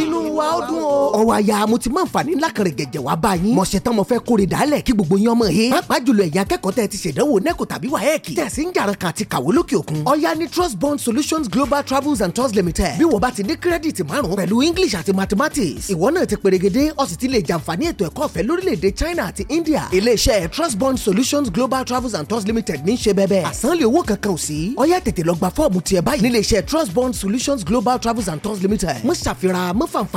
inú olúwa ó dùn o. ọ̀rọ̀ àyà mo ti máa ń fàní ńlá kan rẹ̀ gẹ̀gẹ̀ wá bá yín. mo ṣe tán mo fẹ́ kórè dálẹ̀ kí gbogbo yín ọmọ yé. pàápàá jùlọ ẹ̀yin akẹ́kọ̀ọ́ tẹ́ ti ṣèdánwò nẹ́kọ̀ tàbí wáyẹ̀kì. tẹ̀sí ń jàrán kan àti kàwé lókè òkun. ọ̀ya ni trust bond solutions global travels and tours limited. bí wọ́n bá ti ní kírẹ́dìtì márùn-ún pẹ̀lú english àti mathematics. ìwọ náà ti perégedé ó sì ti lè jàǹfààní ètò china àti india. iléeṣẹ́ trust bond solutions global travels and tours limited ní í ṣe bẹ́ẹ̀ bẹ́ẹ̀. àsánlé owó kankan ò sí. ọ̀ya tètè lọ trust bond solutions global travels and tours limited. mo ṣàfihàn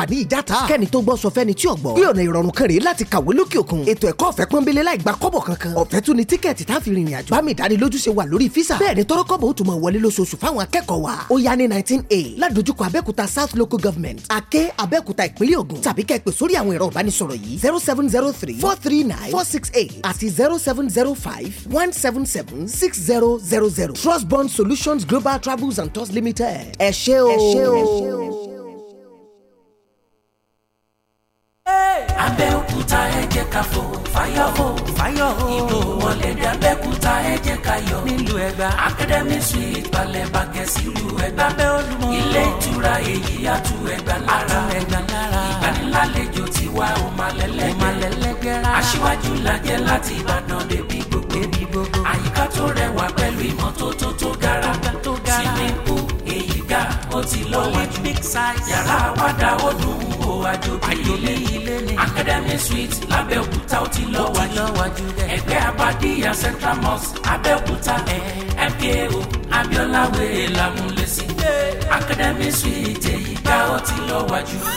ní ìjàta. kẹ́ni tó gbọ́ sọ fẹ́ni tí ò gbọ́. bí ọ̀nà ìrọ̀rùn kan rèé láti kàwé lókè òkun. ètò ẹ̀kọ́ ọ̀fẹ́ pọ́nbélé láì gba kọ́bọ̀ kankan. ọ̀fẹ́ tún ni tíkẹ́ẹ̀tì tá a fi rìnrìn àjò. bámi ìdánilójú ṣe wà lórí físà. bẹ́ẹ̀ ni tọ́rọ́ kọ́bọ̀ ó tún máa wọlé lóṣooṣù fáwọn akẹ́kọ̀ọ́ wa. ó yá ní nineteen a ládojúkọ abẹ́kúta south local government àkẹ́ abẹ́kúta ìpínlẹ̀ Ògùn tàbí kẹ́ pè sórí àwọn ẹ̀rọ ìbánisọ̀rọ̀ yìí zero seven zero three four three nine four six eight àti zero seven zero five one seven seven six zero zero zero Trust Bond Solutions Global Travels and Tours Limited ẹ ṣé o. ẹ ṣé o. ẹ ṣé o. abẹ́òkúta ẹ jẹ́ ká fò fáyọ̀ hó fáyọ̀ hó ìbò wọlé dé abẹ́òkúta ẹ jẹ́ ká yọ̀ nílùú ẹgbà academy suite balẹ̀ bàgẹ́ sílùú ẹgbà abẹ́ olúmọ ilé ìtura èyí àtú ẹgbà lára ẹgbà lára ìgbanilálejò ti wá ó máa lẹ́lẹ́gbẹ́ aṣíwájú lajẹ́ láti ìbàdàn débi gbogbo àyíká tó rẹwà pẹ̀lú ìmọ́tótó tó gara ti lọ́wọ́ big size yàrá àwàdà ó dùn o àjò bí ilé ni academy suite lábẹ́òkúta ó ti lọ́wọ́ jù ẹgbẹ́ abadíyà central mosque abẹ́òkúta mko abiola wèrè làmúlẹ́sí academy suite èyí gbà ó ti lọ́wọ́ jù.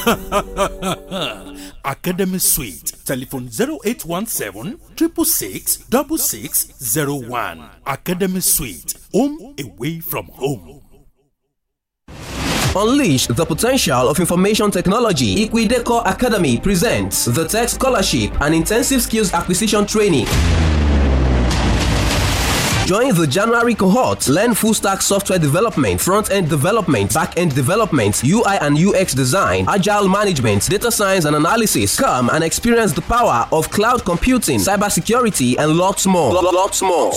Academy Suite. Telephone 0817 666 6601. Academy Suite. Home away from home. Unleash the potential of information technology. Equideco Academy presents the Tech Scholarship and Intensive Skills Acquisition Training. Join the January cohort. Learn full stack software development, front end development, back end development, UI and UX design, agile management, data science and analysis. Come and experience the power of cloud computing, cybersecurity, and lots more. Lots more.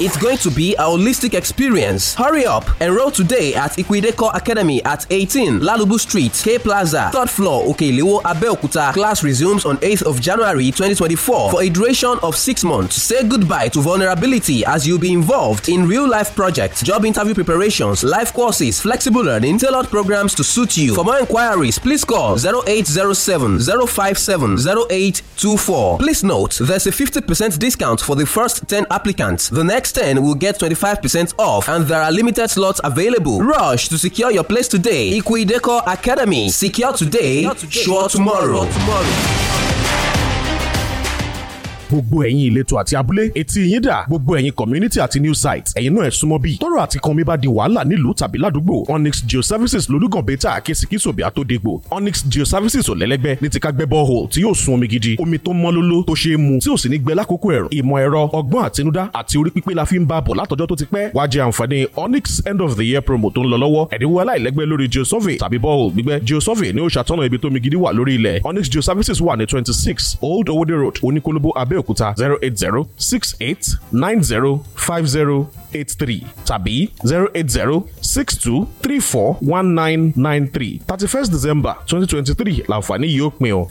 It's going to be a holistic experience. Hurry up. Enroll today at Equideco Academy at 18 Lalubu Street, K Plaza, 3rd floor, Okelewo, Abeokuta. Class resumes on 8th of January 2024 for a duration of 6 months. Say goodbye to vulnerability as you be involved in real life projects, job interview preparations, life courses, flexible learning, tailored programs to suit you. For more inquiries, please call 0807 057 0824. Please note there's a 50% discount for the first 10 applicants. The next 10 will get 25% off, and there are limited slots available. Rush to secure your place today. Equideco Academy. Secure today, secure sure tomorrow. tomorrow. gbogbo ẹ̀yin ìletò àti abúlé etí yín dà gbogbo ẹ̀yin community àti new site ẹ̀yin náà ẹ̀ súnmọ́ bíi tọ́rọ̀ àti kan mi bá di wàhálà nílùú tàbí ládùúgbò Onyx Geoservices lolúgànbé tá a ké sí kí sòbíà tó dégbò Onyx Geoservices ò lẹ́lẹ́gbẹ́ ní ti ká gbẹ́ borehole tí yóò sun omi gidi omi tó mọ́ lóló tó ṣe é mu tí ò sì ní gbẹ lákòókò ẹ̀rùn ìmọ̀ ẹ̀rọ ọgbọ́n àtinúdá àti orí pípé la fi ń bá bọ̀ látọjọ́ tó ti pẹ́ wá jẹ àǹfààní Onyx end of the year promo tó ń lọ lọ́wọ́ ẹ̀dínwó aláìlẹ́gbẹ́ lórí geosurvey tàbí borehole gbígbẹ́ geosurvey ni ó ṣàtọ́nà ibi tómi gidi wà lórí ilẹ̀ Onyx Geoservices wà ní twenty six Old Owode Road Oníkólóbó Abẹ́ Abẹ́òkúta zero eight zero six eight nine zero five zero eight three tàbí zero eight zero six two three four one nine nine three thirty first december twenty twenty three làǹfààní yìí ó pin o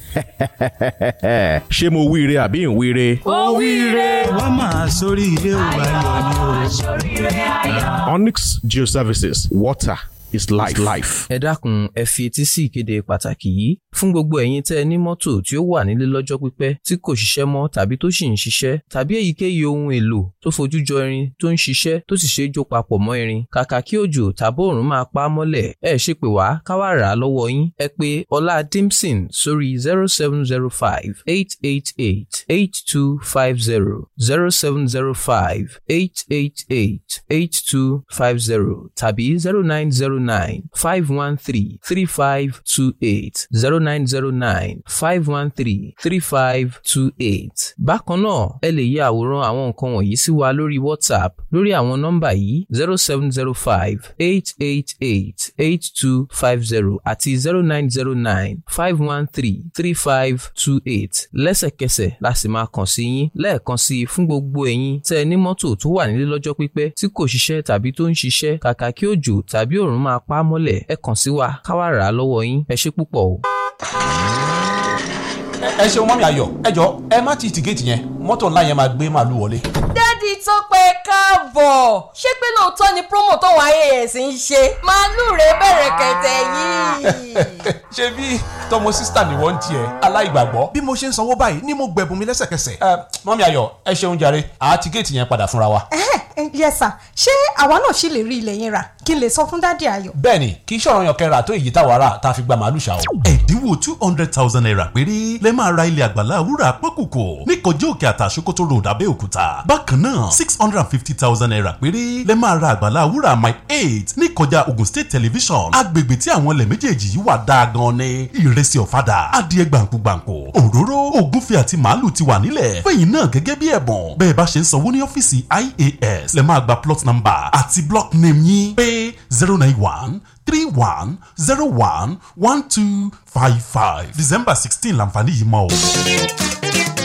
ṣé mo wíire àbí ń wíire. ó wíire. wọ́n máa sórí ilé òwò ayọ̀ ni o. onyx geoservices water is life. life. ẹ dákun ẹ fi etí sí ìkéde pàtàkì yìí fún gbogbo ẹ̀yin tẹ́ ẹ ní mọ́tò tí ó wà nílé lọ́jọ́ pípẹ́ tí kò ṣiṣẹ́ mọ́ tàbí tó sì ń ṣiṣẹ́ tàbí èyíkéyìí ohun èlò tó fojú jọ irin tó ń ṣiṣẹ́ tó sì ṣe é jó papọ̀ mọ́ irin kàkà kí òjò tàbí òòrùn máa pa á mọ́lẹ̀ ẹ ṣe pé wá ká rà á lọ́wọ́ yín ẹ pé ọlá dimson sórí zero seven zero five eight eight eight eight two five zero zero seven zero five eight eight eight eight two five zero tàbí zero nine zero 0909 513 3528 0909 513 3528. Bákan náà, ẹ lè ya àwòrán àwọn nǹkan wọ̀nyí sí wa lórí WhatsApp lórí àwọn nọ́mbà yìí 0705 888 8250 àti 0909 513 3528. Lẹ́sẹ̀kẹsẹ̀ la sì máa kàn sí yín lẹ́ẹ̀kan sí i fún gbogbo ẹ̀yin tẹ́ ẹ ní mọ́tò tó wà nílé lọ́jọ́ pípẹ́ tí kò ṣiṣẹ́ tàbí tó ń ṣiṣẹ́ kàkà kí òjò tàbí òrùn má máa pa á mọ́lẹ̀ ẹ kàn sí wa ká wá rà á lọ́wọ́ yín ẹ ṣé púpọ̀ o. ẹ ṣeun mọ́mí ayọ̀ ẹ jọ ẹ má ti tìgéètì yẹn mọ́tò ńlá yẹn máa gbé màálù wọlé. dádì tó pẹ́ ṣé pé lóòótọ́ ni promo tọ́wọ́ ias ń ṣe màálù rẹ̀ bẹ̀rẹ̀ kẹ̀tẹ̀ yìí. ṣé bí tọmọ sísítà ni wọ́n ń tiẹ̀ aláìgbàgbọ́. bí mo ṣe ń sanwó báyìí ni mo gbẹ̀bùn mi lẹ́sẹ̀kẹsẹ̀. ẹ mọ́mí ayọ̀ ẹ ṣeun jàre àá tìgéètì yẹn padà fúnra wa. ẹ ẹ yẹ sà ṣé àwa náà ṣì lè rí ilẹ̀ yẹn rà kí n lè sọ fún dádì ayọ̀. bẹ́ẹ̀ni kì í ṣọ̀rọ̀ yan kẹra tó èyí táwa rà tá a fi gba màálù ṣá o. ẹ̀dínwó two hundred thousand naira péré lẹ́ máa ra ilẹ̀ àgbàlá àwúrà pọ́kùkù níkọjá òkè àtà Sokoto road Abẹ́òkúta bákan náà six hundred and fifty thousand naira péré lẹ́ máa ra àgbàlá àwúrà my eight níkọjá Ogun State Television agbègbè tí àwọn ilẹ̀ méjèèjì yìí wà dáa gan ni ìrẹsì ọ̀fadà adìẹ gbàǹkùgbàǹkù òróró ògúnfẹ̀ àti màálù ti wà nílẹ̀ fẹ̀yìn náà gẹ́gẹ́ bí ẹ̀bùn bẹ́ẹ̀ bá ṣe ń sanwó ní plot number àti block name yín pé pé zero nine one three one zero one one two five five december sixteen làǹfààní yìí mọ́ o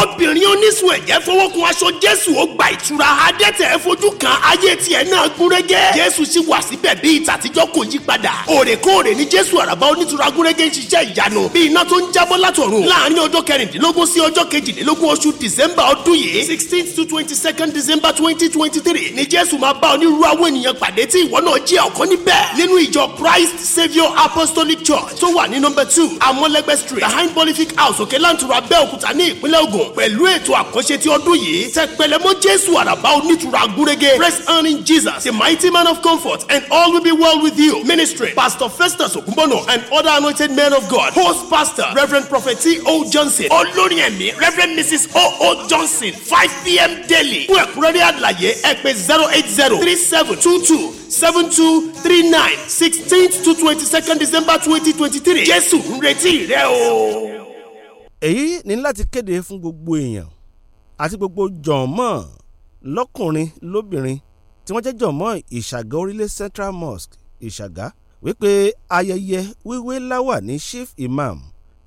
obìnrin onísun ẹ̀jẹ̀ fọwọ́kun aṣọ jésù ó gba ìtura adẹ́tẹ̀ fojú kan ayé tiẹ̀ náà gúnrégé jésù sì wà síbẹ̀ bí ìtàtijọ́ kò yí padà òrèkóòrè ni jésù àràbá onítura gúnrégé ń ṣiṣẹ́ ìyanu bí iná tó ń jábọ́ látọ̀run láàrin ọjọ́ kẹrìndínlógún sí ọjọ́ kejìdínlógún oṣù december ọdún yìí sixteen to twenty second december twenty twenty three ni jésù máa bá onírúurú àwọn ènìyàn pàdé tí ìwọ náà jẹ́ ọ̀kan níbẹ̀ nínú ìjọ christ saviour apostolic church tó wà ní number two amọ̀lẹ́gbẹ̀ street behind bonific house òkè lántura abẹ́òkúta ní ìpínlẹ̀ ìpínlẹ̀ Ògùn pẹ̀lú ètò àkànṣe ti ọdún yìí tẹpẹlẹmọ Jésù àràbá onítùúra gúrégé press on in Jesus the mighty man of comfort and all will be well with you ministry pastor Festus Okunbono and other anointed men of God host pastor reverend prophet O. Johnson olórin ẹ̀mí reverend Mrs. O. O. Johnson five pm daily fún ẹ̀kúnrẹ́rẹ́ àlàyé ẹ pè zero eight zero three seven two two seven two three nine sixteenth to twenty second December twenty twenty three Jésù ń retí rẹ o èyí ní láti kéde fún gbogbo èèyàn àti gbogbo jọ̀mọ́ lọ́kùnrin lóbìnrin tí wọ́n jẹ́ jọ̀mọ́ ìṣàgá orílẹ̀ central mosque ìṣàgá wípé ayẹyẹ wíwé láwà ní chief imam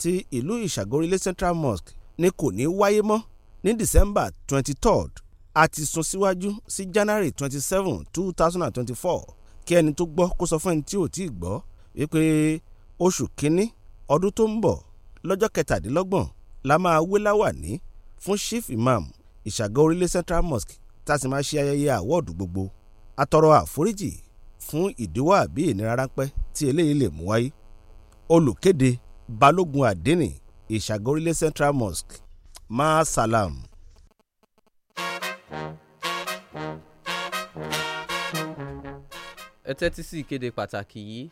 ti ìlú ìṣàgá orílẹ̀ central mosque ni kò ní wáyé mọ́ ní december twenty third àti sún síwájú sí january twenty seven two thousand and twenty four kí ẹni tó gbọ́ kó sọ fún ẹni tí ò tí ì gbọ́ wípé oṣù kínní ọdún tó ń bọ̀ lọ́jọ́ kẹtàdínlọ́gbọ̀n la máa wé láwàní fún chief imam ìṣàgọ́ orílẹ̀ central mosque tá a sì máa ṣe ayẹyẹ àwọ́ọ̀dù gbogbo atọrọ àforíjì fún ìdíwọ́ àbí ìnira ráńpẹ́ tí eléyìí lè mú wáyé olùkéde balógun àdínì ìṣàgọ́ orílẹ̀ central mosque máa salam. ẹ tẹ́tí sí ìkéde pàtàkì yìí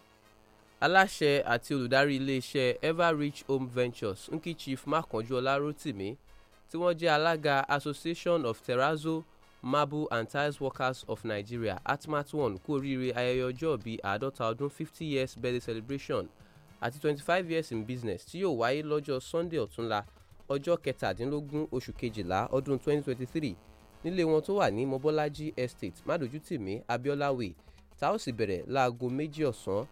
Aláṣẹ àti olùdarí iléeṣẹ́ Everreach Home Ventures Chief Makanjuọlá Rotimi, tí wọ́n jẹ́ alága Association of Terrazzo, Marble and Tiles Workers of Nigeria (ATMATWON) kú oríire ayẹyẹ ọjọ́òbí àádọ́ta ọdún (50 years birthday celebration) àti 25 years in business tí yóò wáyé lọ́jọ́ Sunday ọ̀túnla ọjọ́ kẹtàdínlógún oṣù kejìlá ọdún 2023 nílé wọn tó wà ní Mobọ́lájí Estate, Mádojútìmí, Abiola Way, tá ó sì bẹ̀rẹ̀ láago méjì ọ̀sán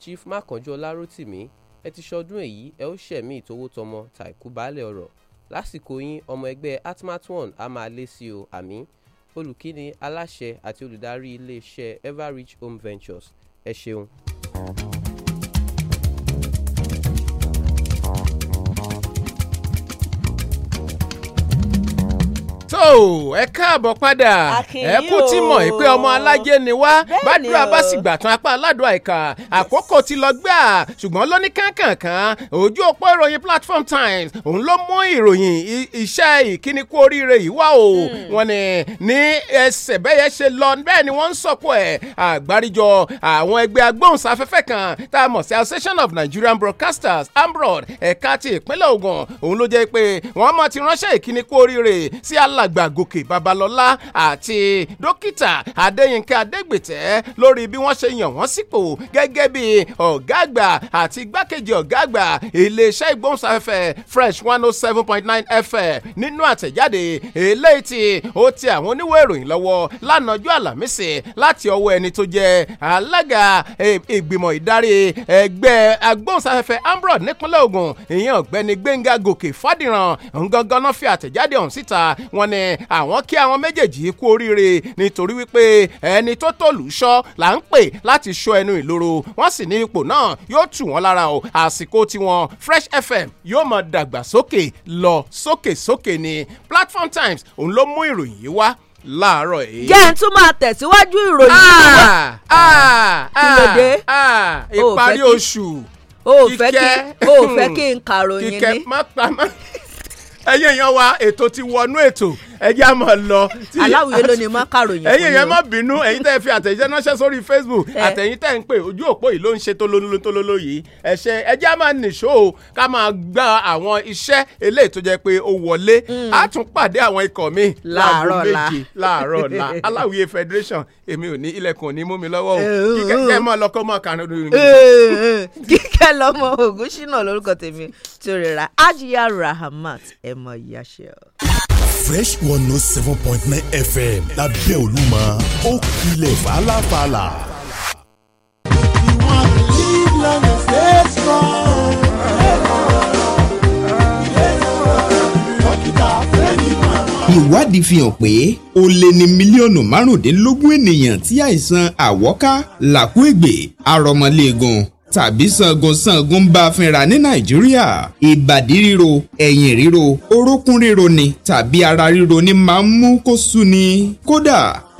Chief Makanjú Ọláròtìmí, ẹ ti ṣọdún èyí ẹ ó ṣẹ̀mí ìtowótọmọ tàìkú baálẹ̀ ọrọ̀. Lásìkò yín ọmọ ẹgbẹ́ Atman-One á máa lé sí o àmín. Olùkíni aláṣẹ àti olùdarí iléeṣẹ́ Everrich Home Ventures ẹ ṣeun. so ẹ káàbọ̀ padà ẹ kú tí mọ̀ ẹ pé ọmọ alájẹ ni wá bàdúrà bá sì gbà tán apá aládùn àìkà àkókò ti lọ gbà ṣùgbọ́n lóní kánkànkàn ojú òpó ìròyìn platform times òun ló mú ìròyìn iṣẹ́ ìkíni kú oríire yìí wá o hmm. wọn ni ní ẹsẹ̀ bẹ́yẹ ṣe lọ bẹ́ẹ̀ ni wọ́n ń sọ̀kò ẹ̀ àgbáríjọ àwọn ẹgbẹ́ agbóhùnsáfẹ́fẹ́ kan tá a mọ̀ sí association of nigerian broadcasters ambrod ẹ̀ka ti ìpínlẹ̀ Ògùn òun ló jẹ́ pé wọ́n mọ̀ ti ránṣẹ́ ìkíni kú oríire sí alá àgbà gòkè babalọ́lá àti dókítà adéyìnkẹ́ adégbètẹ́ lórí bí wọ́n ṣe yàn wọ́n sípò gẹ́gẹ́ bí ọ̀gá àgbà àti igbákejì ọ̀gá àgbà iléeṣẹ́ ìgbóhùnsáfẹ́fẹ́ fresh one oh seven point nine fm nínú àtẹ̀jáde eléyìí tí ó ti àwọn oníwèé ìròyìn lọ́wọ́ lánàájú àlàmísì láti ọwọ́ ẹni tó jẹ́ alága ìgbìmọ̀ ìdarí ẹgbẹ́ agbóhùnsáfẹ́fẹ́ ambrod nípínlẹ̀ ògùn ìyẹn ọ̀gbẹ́ni gbẹ̀ngà gòkè fàdìràn ngangan náà fi àtẹ̀jáde ọ̀hún síta wọ́n ní ni àwọn kí àwọn méjèèjì kú oríire nítorí wípé ẹni tó tòlù ṣọ́ là ń pè láti ṣọ́ ẹnu ìloro wọ́n sì ní ipò náà yóò tù wọ́n lára o àsìkò tiwọn Fresh FM yóò máa dàgbàsókè lọ sókèsókè ni Platform Times òun ló mú ìròyìn yìí wá láàárọ̀ yìí. jẹ́ ẹ̀ tún máa tẹ̀síwájú ìròyìn náà. Ah, ah, ah, kí ló dé? ìparí oṣù. o ò fẹ́ kí n kàròyìn ni. kíkẹ́ má pa má ẹ̀yin èèyàn wa ètò ti wọnú ètò ẹ jẹ́ àmọ́ lọ. aláwìyé ló ní mọ́ kàròyìn fún mi. ẹ̀yin yẹn má bínú ẹ̀yin tẹ́ fi àtẹ̀jíṣẹ́ ránṣẹ́ sórí facebook àtẹ̀yin tẹ́ ń pè ojú òpó yìí ló ń ṣe tólólólóló yìí ẹ ṣe ẹ jẹ́ àmọ́ nìṣó o ká máa gba àwọn iṣẹ́ eléyìí tó jẹ́ pé ó wọlé á hmm. tún pàdé àwọn ikọ̀ mi láàárọ̀ la láàárọ̀ la aláwìyé federation èmi ò ní ilẹ̀kùn ní mú mi lọ́wọ́ o kíkẹ́ mọ́ lọ́kọ́ mọ́ kàrin lórí mi. kíkẹ́ lọ́mọ ògúnṣínà lórúkọ ra ajiya rahmat ẹ̀ mọ̀ ìyá Fresh one note oh seven point nine FM lábẹ́ Olúmọ ó kilẹ̀ fàlàfàlà. You want to live long and stay strong. ìwádìí fi hàn pé ó lé ní mílíọ̀nù márùndínlógún ènìyàn tí àìsàn àwọ́ká làkúègbè arọmọléegun tàbí sangunsangun ń bá a fínra ní nàìjíríà ìbàdí ríro ẹ̀yìn ríro orókún ríro ni tàbí ara ríro ni máa ń mú kó sú ni kódà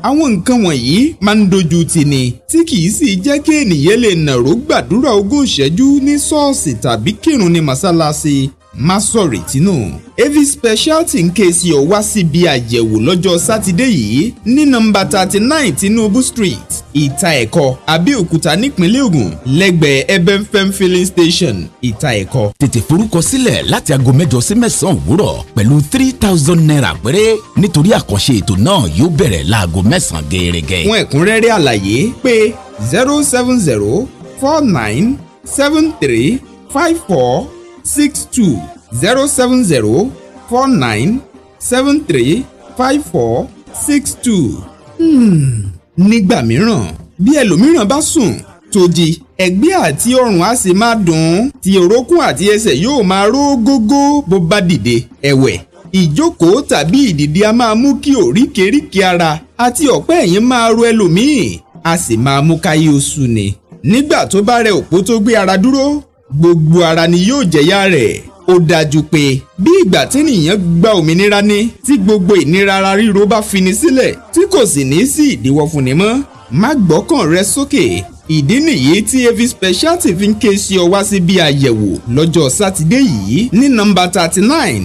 àwọn nǹkan wọ̀nyí máa ń dojú tì ní tí kìí sì jẹ́ kí ènìyàn lè nàró gbàdúrà ogún ìṣẹ́jú ní ṣọ́ọ̀ṣì tàbí kírun ní mọ́sálásí má sọ̀rọ̀ ìtinú. Avi Speciality ń ké sí ọ wá síbi àyẹ̀wò lọ́jọ́ sátidé yìí ní nọ́mbà thirty nine Tinubu Street ìta ẹ̀kọ́ Abẹ́òkúta nípínlẹ̀ Ògùn lẹ́gbẹ̀ẹ́ Ebenfem filling station ìta ẹ̀kọ́. Tètè forúkọ sílẹ̀ láti aago mẹ́jọ sí mẹ́sàn-án òwúrọ̀ pẹ̀lú three thousand naira péré nítorí àkànṣe ètò náà yóò bẹ̀rẹ̀ láago mẹ́sàn-án gẹ́gẹ́. Fún ẹ̀kúnrẹ́rẹ́ àlàyé pé zero seven zero four nine seven three five four six two zero seven zero four nine seven three five four six two. Hmm, nígbà mìíràn bí ẹlòmíràn bá sùn tó jí ẹ̀gbẹ́ àti ọrùn á sì máa dùn ún tí orókùn àti ẹsẹ̀ yóò máa ró gógó bó bá dìde ẹ̀wẹ̀ ìjókòó tàbí ìdìde a máa mú kí oríkèéríkèé ara àti ọ̀pẹ́ ẹ̀yìn máa ro ẹlòmíì a sì máa mú káyé oṣù ni nígbà tó bá rẹ òpó tó gbé ara dúró gbogbo ara ni yóò jẹ̀yà rẹ̀ ó dájú pé bí ìgbà tí nìyẹn gba òmìnira ní tí gbogbo ìnira ara ríro bá fini sílẹ̀ tí kò sì ní sí ìdíwọ́ fúnni mọ́ má gbọ́kàn rẹ sókè ìdí nìyí tí av speciality fi ń ké sí ọ wá sí àyẹ̀wò lọ́jọ́ sátidé yìí ní nọ́mbà thirty nine